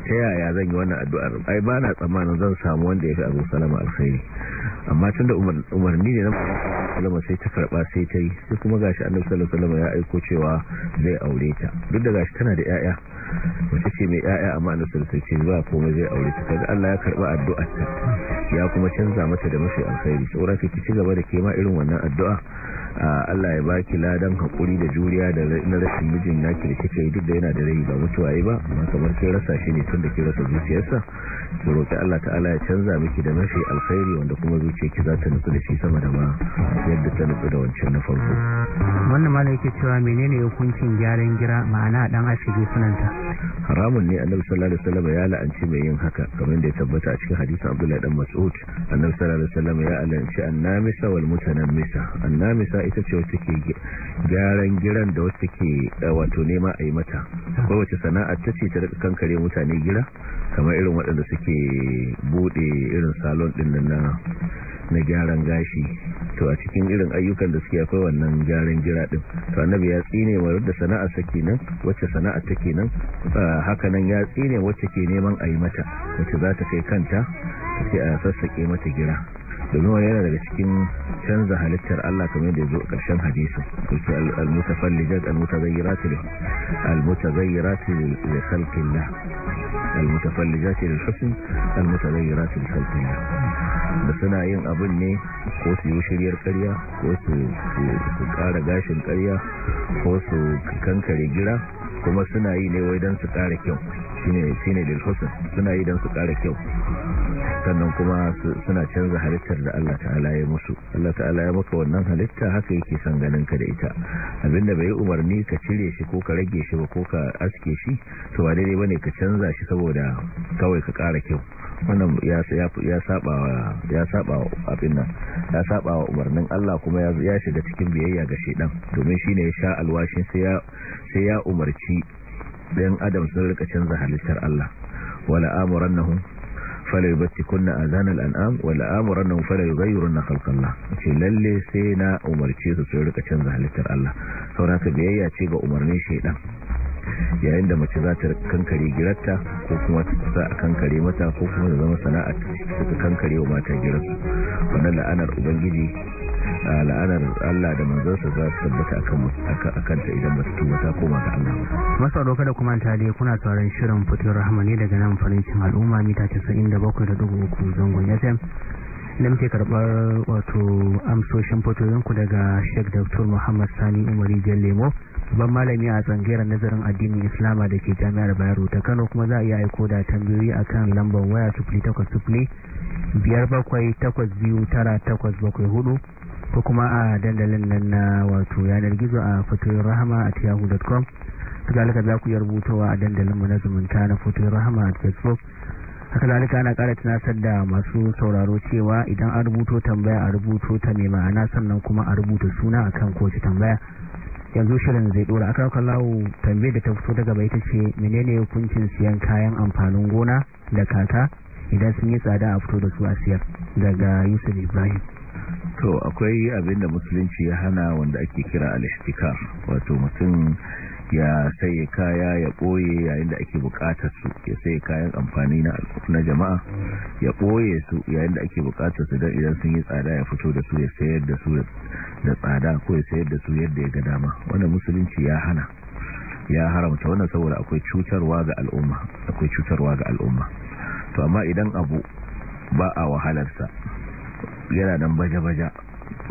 ta yaya zan yi wannan addu'ar ai ba na tsammanin zan samu wanda yafi Abu Salama alkhairi amma tunda umarni ne na salama sai ta karba sai ta yi sai kuma gashi annabi sallallahu alaihi wasallam ya aiko cewa zai aure ta duk da gashi tana da yaya mace ce mai yaya amma annabi sallallahu alaihi wasallam ba komai zai aure ta kaga Allah ya karba addu'ar ta ya kuma canza mata da mafi alkhairi saboda ki ci gaba da kema irin wannan addu'a Allah ya baki ladan hakuri da juriya da na rashin mijin naki da kike duk da yana da rai ba mutuwa yi ba amma kamar kin rasa shi ne tun da ke rasa zuciyarsa ki Allah ta'ala ya canza miki da mafi alkhairi wanda kuma zuciyarki za ta nutsu da shi sama da ma yadda ta nufi da wancan na farko wannan mala yake cewa menene hukuncin gyaran gira ma'ana dan ashiri sunanta haramun ne annabi sallallahu alaihi wasallam ya la'anci mai yin haka kamar da ya tabbata a cikin hadisin abdullahi dan mas'ud annabi sallallahu alaihi wasallam ya la'anci annamisa wal mutanammisa annamisa ita ce wacce ke gyaran giran da wacce ke eh, wato nema a yi mata Kowace wacce sana'a ta ce ta kankare mutane gira kamar irin waɗanda suke bude irin salon din na na gyaran gashi to a cikin irin ayyukan da suke akwai wannan gyaran gira din to annabi ya tsine wa rudda sana'a sake nan wacce sana'a take nan haka nan ya tsine wacce ke neman a yi mata wacce za ta kai kanta ta ce a sassake mata gira domin wani yana daga cikin canza halittar Allah kamar da ya zo a ƙarshen hadisu kusa al-mutafallijat al-mutazayyirat al-mutazayyirat li khalqillah al-mutafallijat lil-husn al-mutazayyirat li khalqillah da suna yin abin ne ko su yi shiryar karya ko su kara gashin karya ko su kankare gira kuma suna yi ne wai don su kara kyau shine shine lil suna yi don su kara kyau sannan kuma suna canza halittar da Allah ta'ala ya musu Allah ta'ala ya maka wannan halitta haka yake son ganin ka da ita abinda bai umarni ka cire shi ko ka rage shi ba ko ka aske shi to ba daidai bane ka canza shi saboda kawai ka kara kyau wannan ya ya saba ya saba abin nan ya saba wa umarnin Allah kuma ya shiga cikin biyayya ga shedan domin shine ya sha alwashin sai ya sai ya umarci dan adam sun rika canza halittar Allah wala nahum fala yubatti kunna azanal an'am wala amuranhum fala na khalqallah ce lalle sai na umarce su su rika canza halittar Allah saboda biyayya ce ga umarnin shaydan yayin da mace za ta kankare girarta ko kuma ta a kankare mata ko kuma da zama sana'a ta kankare wa mata girarsu wannan la'anar ubangiji la'anar Allah da manzansa za su tabbata a kanta idan ba su tuba ta koma ga Allah ba. Masu doka da kuma tare kuna sauran shirin fitar rahamani daga nan farincin al'umma mita 97.3 zangon FM. Da muke karɓar wato amsoshin fitoyinku daga Sheikh Dr. Muhammad Sani Umari Jan Lemo. babban malami a tsangiyar nazarin addinin islama da ke jami'ar bayero ta kano kuma za a iya aiko da tambayoyi a kan lambar waya sufuri takwas sufuri biyar bakwai takwas biyu tara takwas bakwai hudu ko kuma a dandalin nan na wato yanar gizo a fatoyin rahama tiyahu.com su galika za ku iya rubutawa a dandalin mu na zumunta na fatoyin rahama a facebook haka zalika ana kara tunasar da masu sauraro cewa idan an rubuto tambaya a rubuto ta mai ma'ana sannan kuma a rubuta suna akan kowace tambaya yanzu shirin zai dora aka kawo lawo tambe da ta fito daga bai ce menene hukuncin siyan kayan amfanin gona da kaka idan sun yi tsada a fito da su a siyar daga yusuf ibrahim to akwai abinda musulunci ya hana wanda ake kira alishtika wato mutum ya saye kaya ya ɓoye yayin da ake buƙatar su ya saye kayan amfani na jama'a ya ɓoye su yayin da ake buƙatar su don idan sun yi tsada ya fito da su ya sayar da su da tsada ko ya sayar da su yadda ya ga dama wannan musulunci ya hana ya haramta wannan saboda akwai cutarwa ga al'umma akwai cutarwa ga al'umma to amma idan abu ba a wahalarsa yana nan baje-baje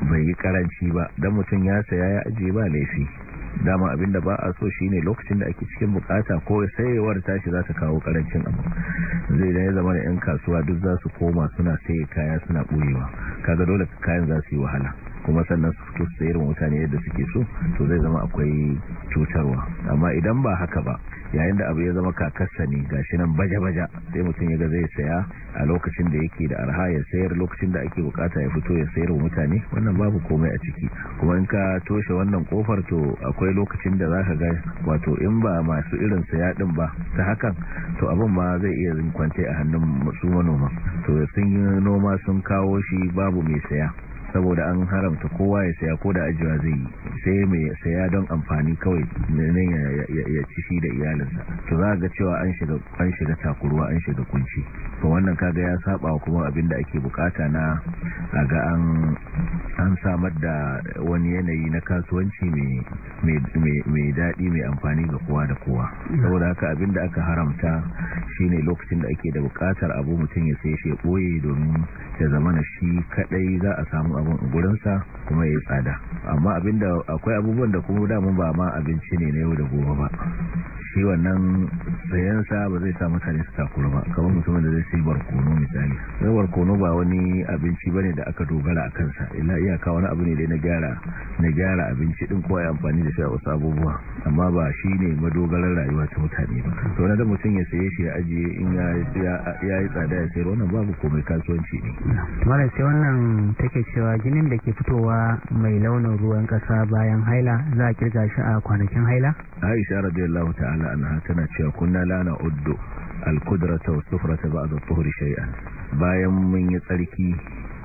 bai yi karanci ba don mutum ya saya ya ajiye ba laifi dama abinda ba a so shine lokacin da ake cikin bukata ko sayewar tashi za ta kawo karancin abu zai da ya zama da 'yan kasuwa duk za su koma suna saye kaya suna ɓoyewa kaga dole kayan za su yi wahala kuma sannan su fito su sayar wa mutane yadda suke so to zai zama akwai cutarwa amma idan ba haka ba yayin da abu ya zama kakasta ne ga shi nan baja-baja sai mutum ya ga zai saya a lokacin da yake da arha ya sayar lokacin da ake bukata ya fito ya sayar wa mutane wannan babu komai a ciki kuma in ka toshe wannan kofar to akwai lokacin da za ka ga wato in ba masu irin saya din ba ta hakan to abin ma zai iya kwance a hannun masu manoma to sun yi noma sun kawo shi babu mai saya saboda an haramta kowa ya saya ko da ajiya zai yi sai mai saya don amfani kawai nan ya ci shi da iyalinsa to za a ga cewa an shiga shiga takurwa an shiga kunci to wannan kaga ya saba kuma abin da ake bukata na ga an an samar da wani yanayi na kasuwanci mai daɗi mai amfani ga kowa da kowa saboda haka abin da aka haramta shine lokacin da ake da bukatar abu mutum ya sai shi ya ɓoye domin ya zamana shi kaɗai za a samu abin gurinsa kuma ya yi tsada amma abinda akwai abubuwan da kuma damun ba ma abinci ne na yau da gobe ba shi wannan sayansa ba zai sa mutane su takura ba kamar mutumin da zai sai barkono misali zai barkono ba wani abinci bane da aka dogara a kansa illa iyaka wani abu ne dai na gyara na gyara abinci din ko ya amfani da shi a wasu abubuwa amma ba shi ne madogarar rayuwa ta mutane ba to na da mutum ya saye shi ya ajiye in ya yi tsada ya sayar wannan babu komai kasuwanci ne mara sai wannan take cewa cewa jinin da ke fitowa mai launin ruwan kasa bayan haila za a kirga shi a kwanakin haila aisha radiyallahu ta'ala anha tana cewa kunna lana uddu al-qudrata wa sufrata ba'da tuhuri shay'an bayan mun yi tsarki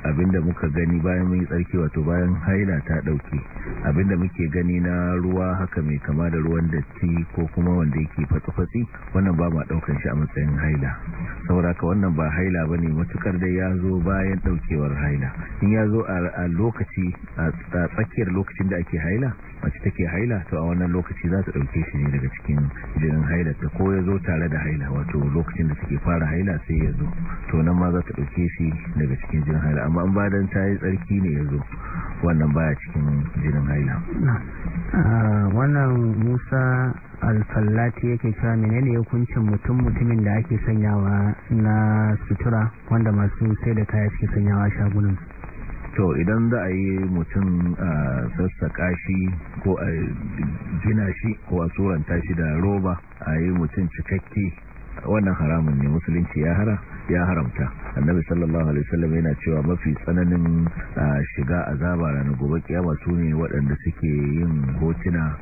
abinda muka gani bayan mun yi tsarki wato bayan haila ta dauke abinda muke gani na ruwa haka mai kama da ruwan datti ko kuma wanda yake fatsi-fatsi wannan ba ma daukan shi a matsayin haila saboda ka wannan ba haila ba bane matukar da ya zo bayan daukewar haila in ya zo a lokaci a tsakiyar lokacin da ake haila mace take haila to a wannan lokaci za ta dauke shi ne daga cikin jinin haila ta ko ya zo tare da haila wato lokacin da take fara haila sai ya zo to nan ma za ta dauke shi daga cikin jinin haila amma an badan ta yi tsarki ne ya zo wannan baya cikin jinin haila ah, wannan musa alfallati yake cewa menene hukuncin mutum mutumin da ake sanyawa na sutura wanda masu sai da kaya suke sanyawa shagunan to idan za a yi mutum a sassaƙa shi ko a gina shi ko a tsoranta shi da roba a yi mutum cikakke wannan haramun ne musulunci ya hara ya haramta annabi sallallahu alaihi wasallam yana cewa mafi tsananin shiga azaba ranar gobe kiyama su ne waɗanda suke yin hotuna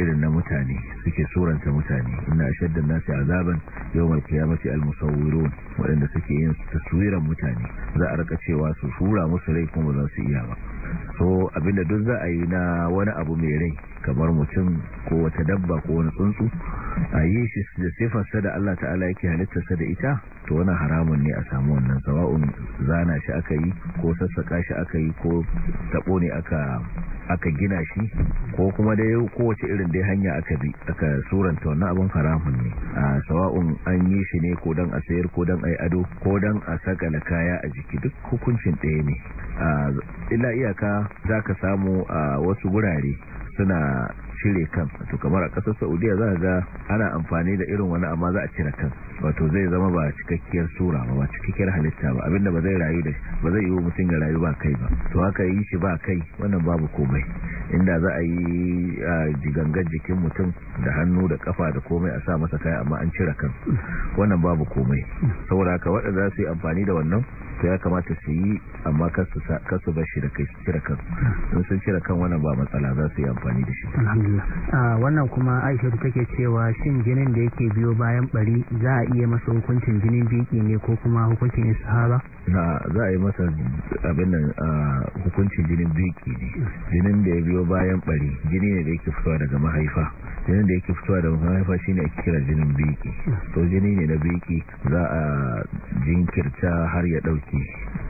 irin na mutane suke suranta mutane inna ashadda nasi azaban yawmal qiyamati al waɗanda suke yin taswiran mutane za a raka cewa su sura musu rai kuma za su iya ba so abinda duk za a yi na wani abu mai rai kamar mutum ko wata dabba ko wani tsuntsu a yi shi da sifarsa da Allah ta'ala yake halittarsa da ita to wani haramun ne a samu wannan sawa'un zana shi aka yi ko sassaƙa shi aka yi ko taɓo ne aka gina shi ko kuma dai kowace irin dai hanya aka bi aka suranta wannan abin haramun ne a sawa'un an yi shi ne ko don a sayar ko don a yi ado ko don a sakala kaya a jiki duk hukuncin ɗaya ne a ila iya haka za ka samu a wasu wurare suna cire kan to kamar a ƙasar saudiya za ga ana amfani da irin wani amma za a cire kan wato zai zama ba cikakkiyar sura ba cikakkiyar halitta ba abinda ba zai rayu da ba zai yi wa mutum ya rayu ba kai ba to haka yi shi ba kai wannan babu komai inda za a yi jigangar jikin mutum da hannu da kafa da komai a sa masa kaya amma an cire kan wannan babu komai saboda haka waɗanda za su yi amfani da wannan to ya kamata su yi amma kasu ba shi da kai cire kan sun sun cire kan wannan ba matsala za su yi amfani da shi wannan kuma aisha take cewa shin jinin da yake biyo bayan bari za a iya masa hukuncin jinin biki ne ko kuma hukuncin sahaba? na za a yi masa abin nan hukuncin jinin biki ne jinin da ya biyo biyo bayan bari jini ne da yake fitowa daga mahaifa jinin da yake fitowa daga mahaifa shine ake kira jinin biki to jini ne na biki za a jinkirta har ya dauke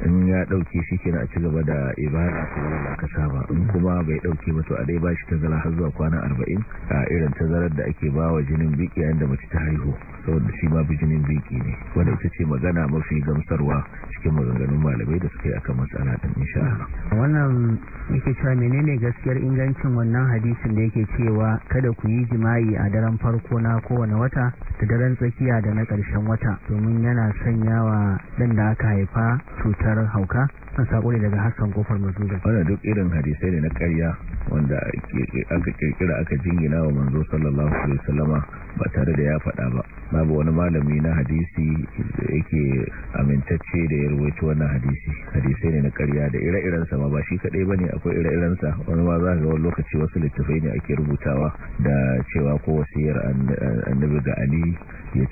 in ya dauke shikenan a ci gaba da ibara kamar da aka saba in kuma bai dauke masu a dai bashi tazara har zuwa kwana arba'in a irin tazarar da ake bawa jinin biki yayin da mace ta haihu saboda shi ma jinin biki ne wanda ita ce magana mafi gamsarwa cikin maganganun malamai da suka yi akan matsala din insha wannan yake cewa menene gaskiya? tabbatar ingancin wannan hadisin da yake cewa kada ku yi jima'i a daren farko na kowane wata da daren tsakiya da na karshen wata domin yana sanyawa ɗan da aka haifa cutar hauka wannan sako ne daga Hassan Kofar Mazuga wannan duk irin hadisai ne na ƙarya wanda aka kirkira aka jingina wa manzo sallallahu alaihi wasallama ba tare da ya faɗa ba babu wani malami na hadisi da yake amintacce da ya wannan hadisi hadisai ne na karya da ire-iren sa ba shi kadai bane akwai ire-iren sa wani ma za ga wani lokaci wasu littafai ne ake rubutawa da cewa ko wasiyar annabi ga Ali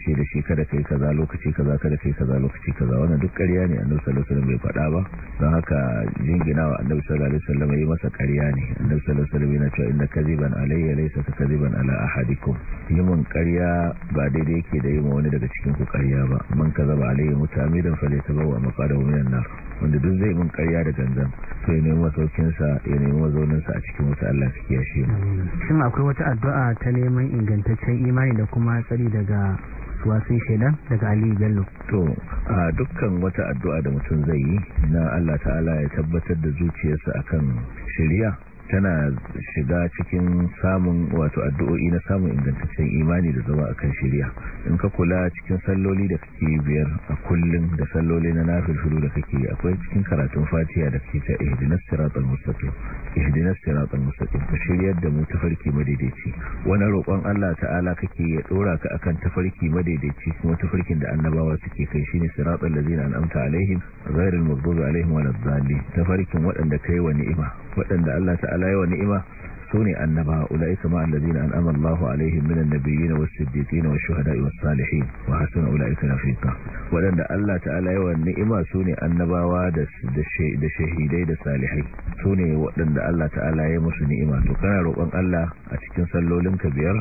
ce da shi kada kai kaza lokaci kaza kada kai kaza lokaci kaza wannan duk karya ne annabi sallallahu alaihi wasallam bai faɗa ba don haka jingina wa annabi sallallahu alaihi wasallam yi masa ƙarya ne annabi sallallahu alaihi wasallam yana cewa inna kaziban alayya laysa kaziban ala ahadikum yimun ƙarya ba daidai yake da yimun wani daga cikin ku ƙarya ba man kazaba alayya mutamidan falyatabawa maqadahu minan nar wanda duk zai mun ƙarya da gangan to ya nemi masaukin sa ya nemi mazaunin sa a cikin wata Allah su kiyashe mu shin akwai wata addu'a ta neman ingantaccen imani da kuma tsari daga sai shaidan daga aliyu bello to a dukkan wata addu'a da mutum zai yi na allah ta'ala ya tabbatar da zuciyarsa akan shirya tana shiga cikin samun wato addu'o'i na samun ingantaccen imani da zama akan shari'a in ka kula cikin salloli da kake biyar a kullum da salloli na nafilfilu da kake akwai cikin karatun fatiha da kake ta ihdinas siratal mustaqim ihdinas siratal mustaqim ka shiryar da mu tafarki madaidaici wani roƙon Allah ta'ala kake ya dora ka akan tafarki madaidaici kuma tafarkin da annabawa suke kai shine siratal ladzina an'amta alaihim ghairil maghdubi alaihim waladdallin tafarkin waɗanda kai wa ni'ima waɗanda Allah ta'ala ta'ala yawa ni'ima sune annaba ulaika ma allazina an'ama Allahu alaihim minan nabiyyin was-siddiqin wash-shuhada'i was-salihin wa hasuna ulaika rafiqa wadanda Allah ta'ala yawan ni'ima sune annabawa da da shahidai da salihai sune wadanda Allah ta'ala ya musu ni'ima to kana roƙon Allah a cikin sallolinka biyar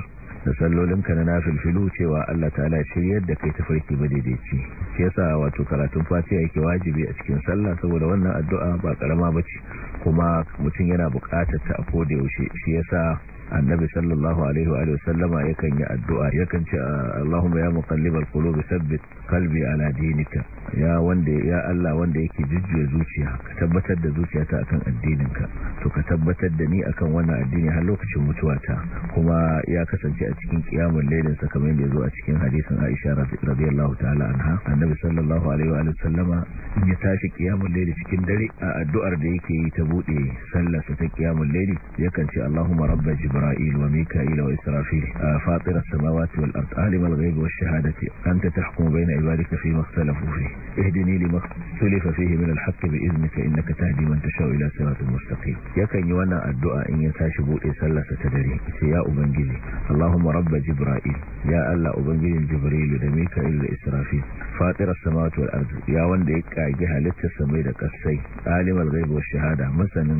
da sallolin ka na nafilfilu cewa Allah ta'ala shiryar yadda kai tafarki madaidaici shi sa wato karatun fatiha yake wajibi a cikin sallah saboda wannan addu'a ba karama ce kuma mutum yana bukatar ta a koda yaushe shi yasa annabi sallallahu alaihi wa sallama yakan yi addu'a yakan ce Allahumma ya muqallibal qulub thabbit qalbi ala dinika ya wanda ya Allah wanda yake jujjuya zuciya ka tabbatar da zuciyata akan addininka to ka tabbatar da ni akan wannan addini har lokacin mutuwata kuma ya kasance a cikin kiyamul lailin sa kamar yadda zo a cikin hadisin Aisha radiyallahu ta'ala anha annabi sallallahu alaihi wa sallama in ya tashi kiyamul laili cikin dare a addu'ar da yake yi ta bude sallar ta kiyamul laili yakan ce Allahumma rabb jibril جبرائيل وميكائيل وإسرافيل فاطر السماوات والأرض عالم الغيب والشهادة أنت تحكم بين عبادك فيما اختلفوا فيه اهدني لما اختلف فيه من الحق بإذنك إنك تهدي من تشاء إلى صراط مستقيم يكن يوانا الدعاء إن يتاشبوا إسالة تدري يا أبنجلي اللهم رب جبرائيل يا ألا أبنجلي جبريل وميكائيل وإسرافيل فاطر السماوات والأرض يا وان ديك أجيها لتسمي لك السي عالم الغيب والشهادة مثلا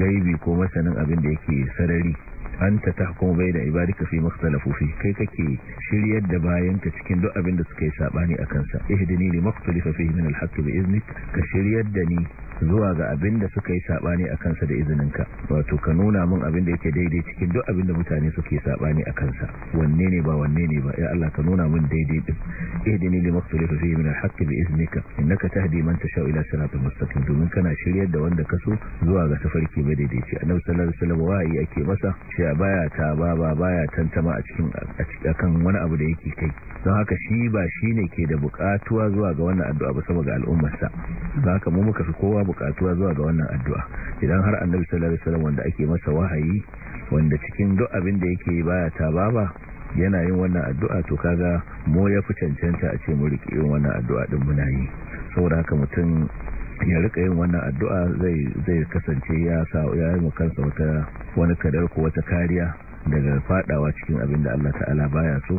gaibi ko masanin abin da yake sarari anta tahkumu bayna ibadika fi makhtalafu fi kai kake shiryar da bayanka cikin duk abin da suka yi sabani akan sa ihdini li makhtalifa fihi min al-haqq bi iznik ka shiryar da ni zuwa ga abin da suka yi sabani akan sa da izininka wato ka nuna min abin da yake daidai cikin duk abin da mutane suke sabani akan sa wanne ne ba wanne ne ba ya Allah ka nuna min daidai din ihdini li makhtalifa fihi min al-haqq bi iznika innaka tahdi man tasha ila siratal mustaqim domin kana shiryar da wanda ka so zuwa ga tafarki madaidaici annabi sallallahu alaihi wasallam wa'ayi ake masa shi baya ta ba ba baya tantama a cikin akan wani abu da yake kai don haka shi ba shi ne ke da bukatuwa zuwa ga wannan addu'a ba saboda al'ummarsa don haka mu muka fi kowa bukatuwa zuwa ga wannan addu'a idan har annabi sallallahu alaihi wasallam wanda ake masa wahayi wanda cikin duk abin da yake baya ta ba ba yana yin wannan addu'a to kaga mu ya fi cancanta a ce mu riƙe wannan addu'a din muna yi saboda haka mutum ya rika yin wannan addu'a zai kasance ya yi kansa wata wani kadar ko wata kariya daga fadawa cikin abin da Allah ta'ala baya so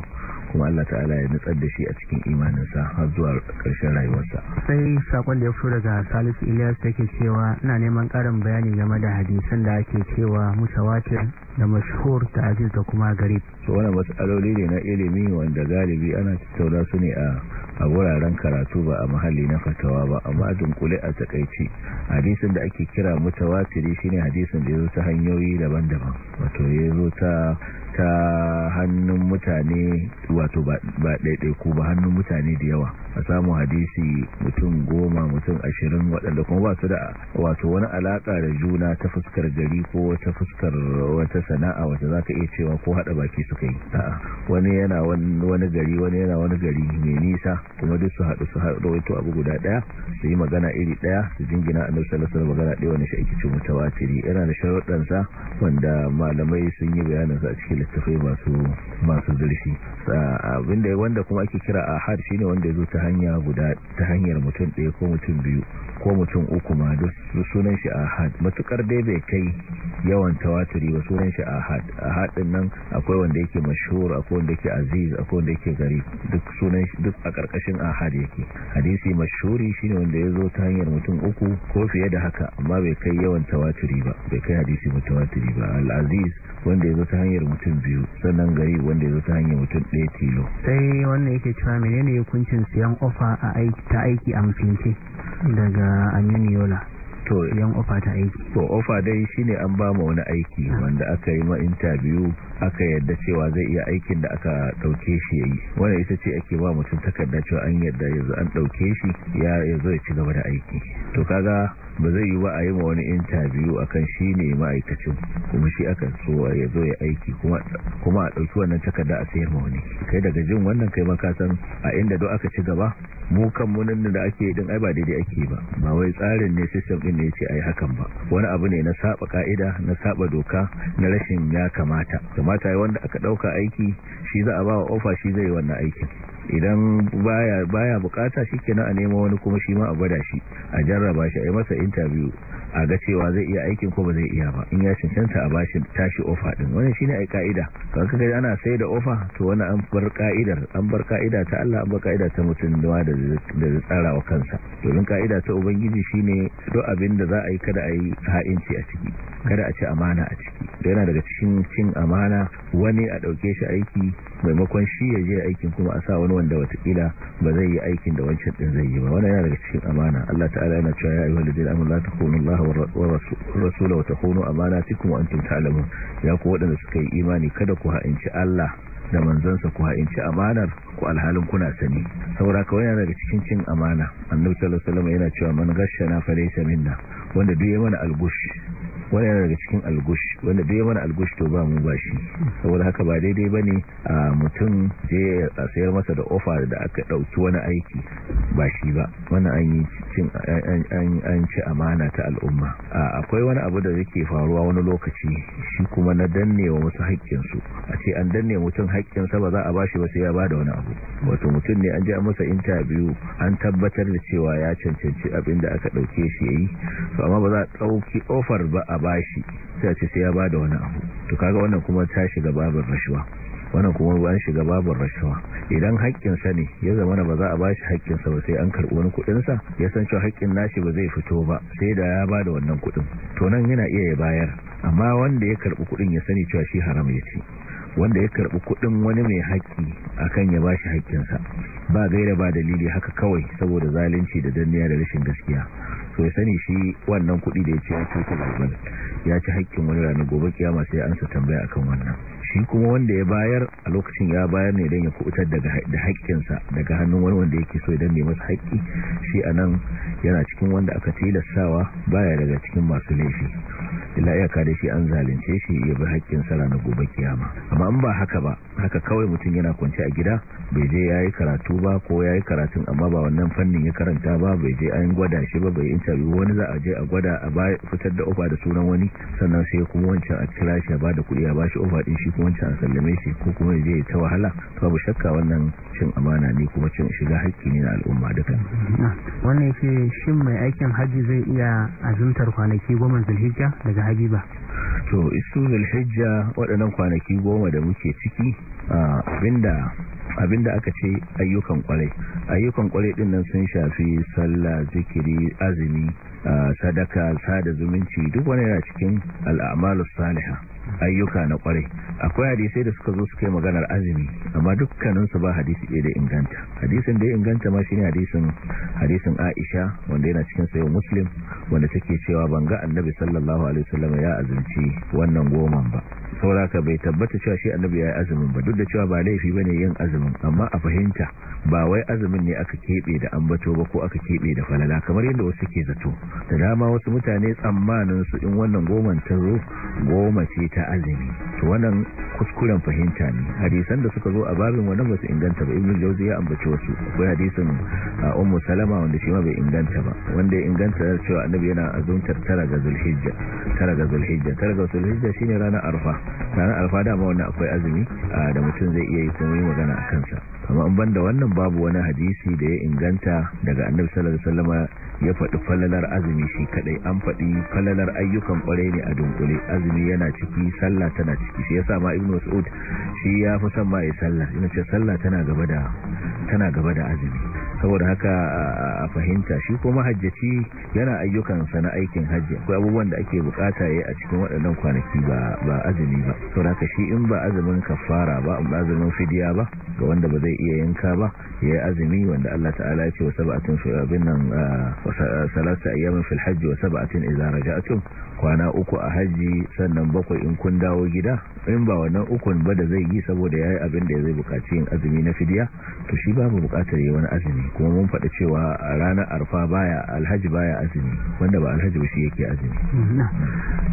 kuma Allah ta'ala ya nutsar da shi a cikin imaninsa har zuwa ƙarshen rayuwarsa sai sakon da ya fito daga Salisu Ilyas take cewa ina neman ƙarin bayani game da hadisan da ake cewa mutawatir da mashhur da aziz da kuma gari. so wannan matsaloli ne na ilimi wanda galibi ana tattauna su ne a a wuraren karatu ba a mahalli na fatawa ba amma a dunkule a takaici hadisin da ake kira mutawatiri shine hadisin da ya zo ta hanyoyi daban-daban wato ya zo ta ta hannun mutane wato ba ko ba hannun mutane da yawa a samu hadisi mutum goma mutum ashirin waɗanda kuma ba su da wato wani alaƙa da juna ta fuskar gari ko ta fuskar wata sana'a wata za ka iya cewa ko haɗa baki suka yi wani yana wani gari wani yana wani gari mai nisa kuma duk su haɗu su haɗu wato abu guda ɗaya su yi magana iri ɗaya su jingina annabi sallallahu alaihi magana ɗaya wani shi ake ce yana da sharuɗansa wanda malamai sun yi bayanin sa a cikin littafai masu masu zurfi abinda wanda kuma ake kira ahad shine wanda ya zo ta hanya guda ta hanyar mutum ɗaya ko mutum biyu ko mutum uku ma duk sunan shi ahad matukar dai bai kai yawan tawaturi ba sunan shi ahad ahad hadin nan akwai wanda yake mashhur akwai wanda yake aziz akwai wanda yake gari duk sunan shi duk a karkashin ahad yake hadisi mashuri shine wanda ya zo ta hanyar mutum uku ko fiye da haka amma bai kai yawan tawaturi ba bai kai hadisi mutawaturi ba al-aziz wanda ya zo ta hanyar mutum mutum biyu sannan gari wanda ya zo ta hanyar mutum ɗaya tilo sai wannan yake cewa yi hukuncin siyan ofa ta aiki a mutunci daga aminu yola to yan ofa ta aiki to ofa dai shine an ba mu wani aiki ah. wanda aka yi ma interview aka yadda cewa zai iya aikin da aka dauke shi yayi wanda ita ce ake ba mutum takarda cewa an yadda yanzu an dauke shi ya yanzu ya ci gaba da aiki to kaga ba zai yi ba a yi ma wani intabiyu a kan shi ne ma'aikacin kuma shi akan so ya zo ya aiki kuma a ɗauki wannan takarda a sayar ma wani kai daga jin wannan kai ma kasan a inda do aka ci gaba mu kan munin da ake yi din ai ba daidai ake ba ba wai tsarin ne sistem din ne a yi hakan ba wani abu ne na saba ka'ida na saba doka na rashin ya kamata kamata wanda aka ɗauka aiki shi za a ba wa ofa shi zai yi wannan aikin idan baya bukata bukata kenan a nemo wani kuma shi ma a gwada shi a jarraba shi a yi masa intabiyu a ga cewa zai iya aikin ko ba zai iya ba in ya cancanta a bashi tashi ofa din wannan shine ai kaida kan kaga ana sai da ofa to wani an bar kaidar an bar kaida ta Allah an bar kaida ta mutum da da tsara wa kansa domin kaida ta ubangiji shine duk abin da za a yi kada a yi ha'inci a ciki kada a ci amana a ciki yana daga cikin cin amana wani a dauke shi aiki maimakon shi ya je aikin kuma a sa wani wanda watakila ba zai yi aikin da wancan din zai yi ba wannan yana daga cikin amana Allah ta'ala yana cewa ya ayyuhal ladina amanu la takunu wa rasula wa takunu amanatikum cikin antum ta'lamun ya ku waɗanda suka yi imani kada ku ha'inci Allah da manzansa ku ha'inci amanar ku alhalin kuna sani saura kawai yana daga cikin cin amana annabi da salama yana cewa man gashana fa laysa minna wanda duk ya mana algush wani yana daga cikin algush wanda dai mana algush to ba mu ba shi saboda haka ba daidai ba ne a mutum je a sayar masa da ofa da aka ɗauki wani aiki ba shi ba wani an yi cikin an ci amana ta al'umma akwai wani abu da yake faruwa wani lokaci shi kuma na danne wa wasu haƙƙinsu a ce an danne mutum haƙƙinsa ba za a ba shi ba sai ya ba da wani abu wato mutum ne an ji masa intabiyu an tabbatar da cewa ya cancanci abin da aka ɗauke shi ya yi amma ba za a ɗauki ofar ba a bashi sai a ce sai ya bada wani abu to kaga wannan kuma ta shiga babin rashuwa wannan kuma ba shiga babin rashawa idan haƙƙinsa ne ya zama na ba za a bashi sa ba sai an karɓi wani kuɗin sa ya san cewa haƙƙin nashi ba zai fito ba sai da ya bada wannan kuɗin to nan yana iya ya bayar amma wanda ya karɓi kuɗin ya sani cewa shi haram ya ci wanda ya karɓi kuɗin wani mai haƙƙi akan ya bashi sa ba gaira ba dalili haka kawai saboda zalunci da danniya da rashin gaskiya so ya sani shi wannan kuɗi da ya ce ya ta babban ya ci haƙƙin wani ranar gobe kiyama sai an sa tambaya a kan wannan shi kuma wanda ya bayar a lokacin ya bayar ne don ya kubutar da haƙƙinsa daga hannun wani wanda yake so idan ne masa haƙƙi shi a nan yana cikin wanda aka tilastawa baya daga cikin masu laifi illa iyaka da shi an zalunce shi ya bi haƙƙin sa ranar gobe kiyama amma in ba haka ba haka kawai mutum yana kwance a gida bai je ya yi karatu ba ko ya yi karatun amma ba wannan fannin ya karanta ba bai je an gwada shi ba bai interview wani za a je a gwada a ba fitar da ofa da sunan wani sannan sai kuma wancan a kira shi a ba da kuɗi a ba shi ofa din shi kuma wancan a sallame shi ko kuma ya je ta wahala to babu shakka wannan cin amana ne kuma cin shiga haƙƙi ne na al'umma duka wannan yake shin mai aikin hajji zai iya azumtar kwanaki goma zulhijja daga habiba to isu zulhijja waɗannan kwanaki goma da muke ciki abinda abinda aka ce ayyukan kwarai ayyukan kwarai din nan sun shafi sallah zikiri azumi sadaka sada zumunci duk wani yana cikin al'amalu saliha ayyuka na kwarai akwai hadisai da suka zo suka yi maganar azumi amma dukkaninsu ba hadisi ɗaya da inganta hadisin da ya inganta ma shine hadisin hadisin Aisha wanda yana cikin sayo Muslim wanda take cewa ban ga Annabi sallallahu alaihi wasallam ya azumci wannan goman ba saboda bai tabbata cewa shi Annabi ya yi azumin ba duk da cewa ba laifi bane yin azumi azumin amma a fahimta ba wai azumin ne aka keɓe da ambato ba ko aka keɓe da falala kamar yadda wasu ke zato da dama wasu mutane tsammanin su in wannan goma ta zo goma ce ta azumi to wannan kuskuren fahimta ne hadisan da suka zo a babin wannan ba inganta ba ibnu jawzi ya ambaci wasu akwai hadisin ummu salama wanda shi ma bai inganta ba wanda ya inganta cewa annabi yana azumtar tara ga zulhijja tara ga zulhijja tara ga zulhijja shine ranar arfa ranar arfa dama wannan akwai azumi da mutum zai iya yi kuma yi magana kansa amma an banda wannan babu wani hadisi da ya inganta daga annabi sallallahu alaihi ya faɗi falalar azumi shi kadai an faɗi falalar ayyukan kwarai ne a dunkule azumi yana ciki sallah tana ciki shi yasa ma ibnu mas'ud shi ya fi son ma ya sallah yana ce sallah tana gaba da azumi saboda haka a fahimta shi kuma hajjaci yana ayyukansa na aikin hajji akwai abubuwan da ake bukata ya a cikin waɗannan kwanaki ba azumi ba sau haka shi in ba azumin kafara ba ba azumin fidiya ba ga wanda ba zai iya yanka ba ya azumi wanda Allah ta'ala ya ce wa sab'atun fi abin nan salatu ayyamin fil hajji wa sab'atun idza raja'tum kwana uku a hajji sannan bakwai in kun dawo gida in ba wannan ukun ba da zai yi saboda yayi abin da zai bukaci yin azumi na fidiya to shi babu bukatar yi wani azumi kuma mun faɗa cewa a ranar arfa baya alhaji baya azumi wanda ba alhaji ba shi yake azumi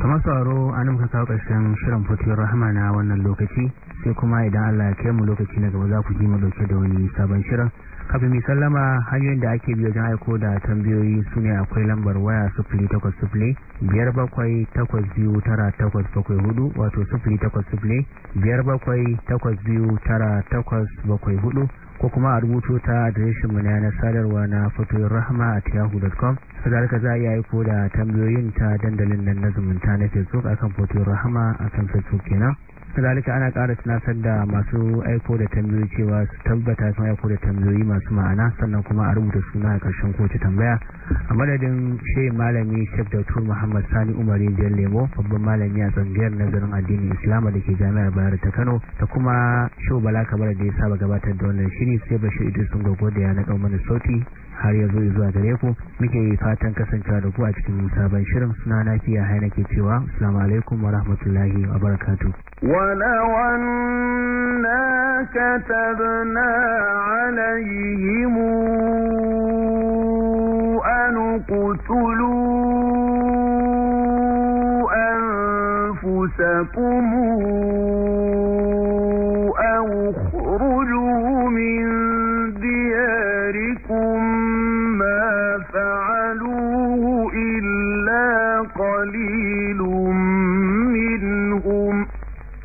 kamar sauraro an nan ka kawo ƙarshen shirin fotiyar rahama na wannan lokaci sai kuma idan allah ya mu lokaci na gaba za ku ji mu dauke da wani sabon shirin kafin mai sallama hanyoyin da ake biyo wajen aiko da tambayoyi su ne akwai lambar waya sufuli takwas sufuli biyar bakwai takwas biyu tara takwas bakwai hudu wato sufuli takwas sufuli biyar bakwai takwas biyu tara takwas bakwai hudu ko kuma a rubuto ta adireshin mu na sadarwa na fatoyin rahama a yahoo.com sadarka za a yi aiko da tambayoyin ta dandalin nan na zumunta na facebook akan fotoyin rahama akan facebook kenan kazalika ana kara tunasar da masu aiko da tambayoyi cewa su tabbata sun aiko da tambayoyi masu ma'ana sannan kuma a rubuta suna a karshen kotu tambaya a madadin shehin malami shek tur muhammad sani umar indiyar lemo babban malami a tsangiyar nazarin addinin islama da ke jami'ar bayar ta kano ta kuma shehu bala kamar da ya saba gabatar da wannan shiri sai bashir idris sun gogo da yana kan mana sauti har yanzu zuwa gare ku muke fatan kasancewa da ku a cikin sabon shirin suna na kiya haina nake cewa assalamu alaikum wa rahmatullahi wa barakatuh ولو أنا كتبنا عليهم أن اقتلوا أنفسكم